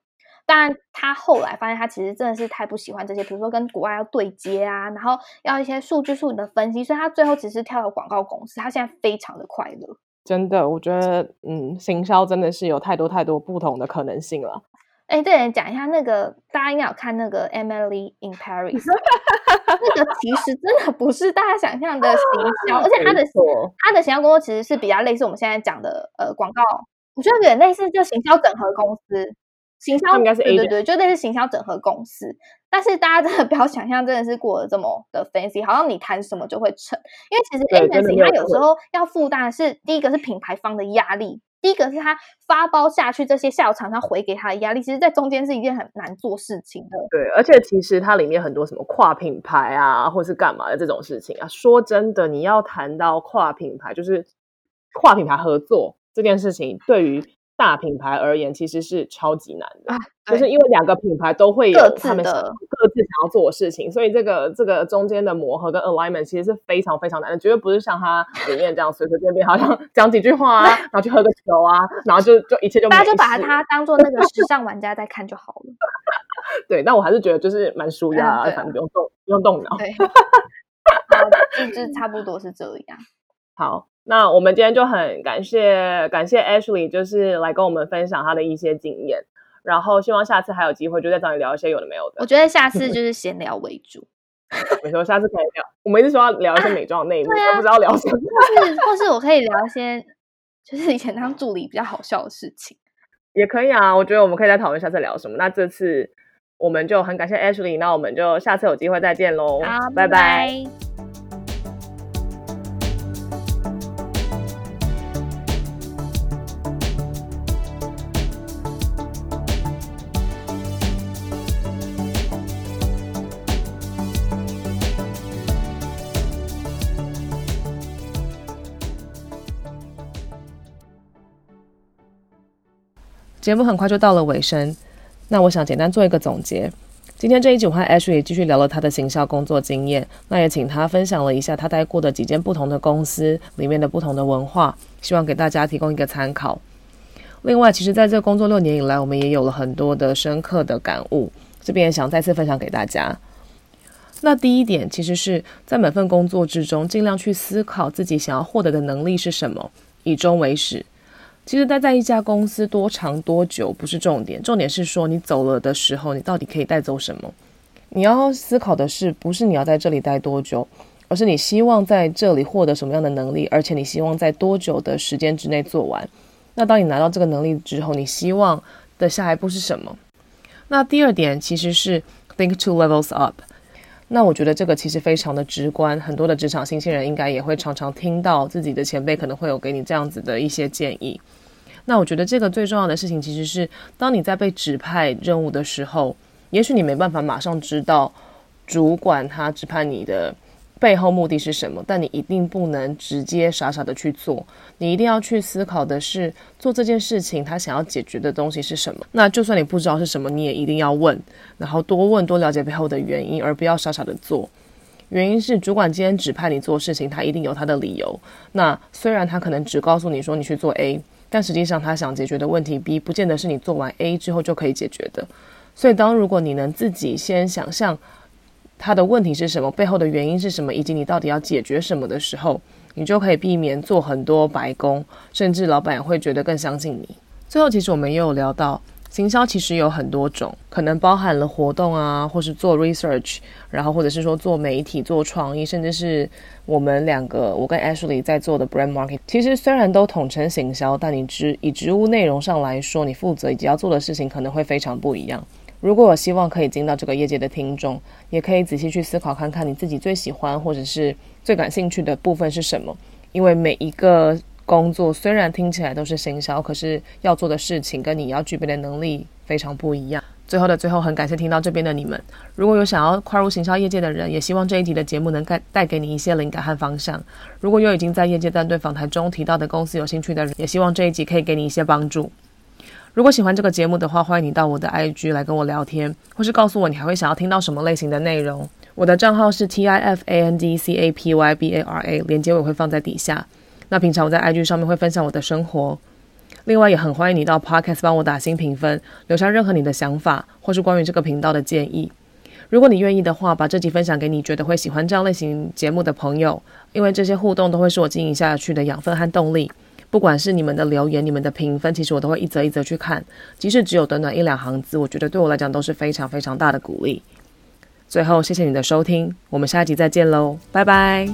但他後來發現他其實真的是太不喜歡這些，比如說跟國外要對接啊，然後要一些數據、數據的分析，所以他最後其實跳到廣告公司，他現在非常的快樂。真的，我覺得，嗯，行銷真的是有太多太多不同的可能性了。哎，對，講一下那個大家應該有看那個 Emily in Paris， 那個其實真的不是大家想象的行銷， 而且它的它的行銷工作其實是比較類似我們現在講的呃廣告，我覺得有點類似就行銷整合公司，行銷應該是、Agent、對對對，就類似行銷整合公司，但是大家真的不要想象真的是過得這麼的 fancy，好像你談什麼就會成，因為其實 Agency 它有時候要負擔的是第一個是品牌方的壓力。第一個是他發包下去，這些校場他回給他的壓力，其實在中間是一件很難做事情的。對，而且其實它裡面很多什麼跨品牌啊，或是幹嘛的這種事情啊，說真的，你要談到跨品牌，就是跨品牌合作，這件事情，對於。大品牌而言，其實是超級難的、啊，就是因為兩個品牌都會有他們各自想要做的事情，所以這個這個中間的磨合跟 alignment 其實是非常非常難的，絕對不是像它裡面這樣隨隨便便，好像講幾句話啊， 然後去喝個酒啊， 然後就就一切就大家就把它當做那個時尚玩家在看就好了。 對，但我還是覺得就是蠻舒壓、啊啊啊，反正不用動不、啊、用動腦。對， 好，就就是、差不多是這樣、啊。好。那我們今天就很感謝感謝 Ashley，就是來跟我們分享他的一些經驗，然後希望下次還有機會，就再找你聊一些有的沒有的。我覺得下次就是閒聊為主， 沒說下次可以聊。我們一直說要聊一些美妝內容我，啊啊、不知道聊什麼，或 是，是我可以聊一些，就是以前當助理比較好笑的事情，也可以啊。我覺得我們可以再討論下次聊什麼。那這次我們就很感謝 Ashley，那我們就下次有機會再見嘍，拜拜。拜拜。節目很快就到了尾聲，那我想簡單做一個總結。今天這一集我和 Ashley 也繼續聊了他的行銷工作經驗，那也請他分享了一下他待過的幾間不同的公司裡面的不同的文化，希望給大家提供一個參考。另外，其實，在這工作六年以來，我們也有了很多的深刻的感悟，這邊也想再次分享給大家。那第一點，其實是在每份工作之中，儘量去思考自己想要獲得的能力是什麼，以終為始。其實待在一家公司多長多久不是重點，重點是說你走了的時候，你到底可以帶走什麼。你要思考的是，不是你要在這裡待多久，而是你希望在這裡獲得什麼樣的能力，而且你希望在多久的時間之內做完。那當你拿到這個能力之後，你希望的下一步是什麼？那第二點其實是 think two levels up。那我覺得這個其實非常的直觀，很多的職場新鮮人應該也會常常聽到自己的前輩可能會有給你這樣子的一些建議。那我覺得這個最重要的事情其實是，當你在被指派任務的時候，也許你沒辦法馬上知道主管他指派你的。背後目的是什麼？但你一定不能直接傻傻的去做，你一定要去思考的是做這件事情他想要解決的東西是什麼。那就算你不知道是什麼，你也一定要問，然後多問多了解背後的原因，而不要傻傻的做。原因是主管今天指派你做事情，他一定有他的理由。那雖然他可能只告訴你說你去做 A，但實際上他想解決的問題 B，不見得是你做完 A 之後就可以解決的。所以當如果你能自己先想象。他的問題是什麼？背後的原因是什麼？以及你到底要解決什麼的時候，你就可以避免做很多白工，甚至老闆會覺得更相信你。最後，其實我們也有聊到行銷，其實有很多種，可能包含了活動啊，或是做 research，然後或者是說做媒體、做創意，甚至是我們兩個我跟 Ashley 在做的 brand market。其實雖然都統稱行銷，但你職以職務內容上來說，你負責以及要做的事情可能會非常不一樣。如果我希望可以進到這個業界的聽眾，也可以仔細去思考看看你自己最喜歡或者是最感興趣的部分是什麼。因為每一個工作雖然聽起來都是行銷，可是要做的事情跟你要具備的能力非常不一樣。最後的最後，很感謝聽到這邊的你們。如果有想要跨入行銷業界的人，也希望這一集的節目能帶帶給你一些靈感和方向。如果有已經在業界但對訪談中提到的公司有興趣的人，也希望這一集可以給你一些幫助。如果喜歡這個節目的話，歡迎你到我的 IG 來跟我聊天，或是告訴我你還會想要聽到什麼類型的內容。我的賬號是 T I F A N D C A P Y B A R A，連接我會放在底下。那平常我在 IG 上面會分享我的生活，另外也很歡迎你到 Podcast 幫我打星評分，留下任何你的想法或是關於這個頻道的建議。如果你願意的話，把這集分享給你覺得會喜歡這樣類型節目的朋友，因為這些互動都會是我經營下去的養分和動力。不管是你們的留言、你們的評分，其實我都會一則一則去看，即使只有短短一兩行字，我覺得對我來講都是非常非常大的鼓勵。最後，謝謝你的收聽，我們下一集再見嘍，拜拜。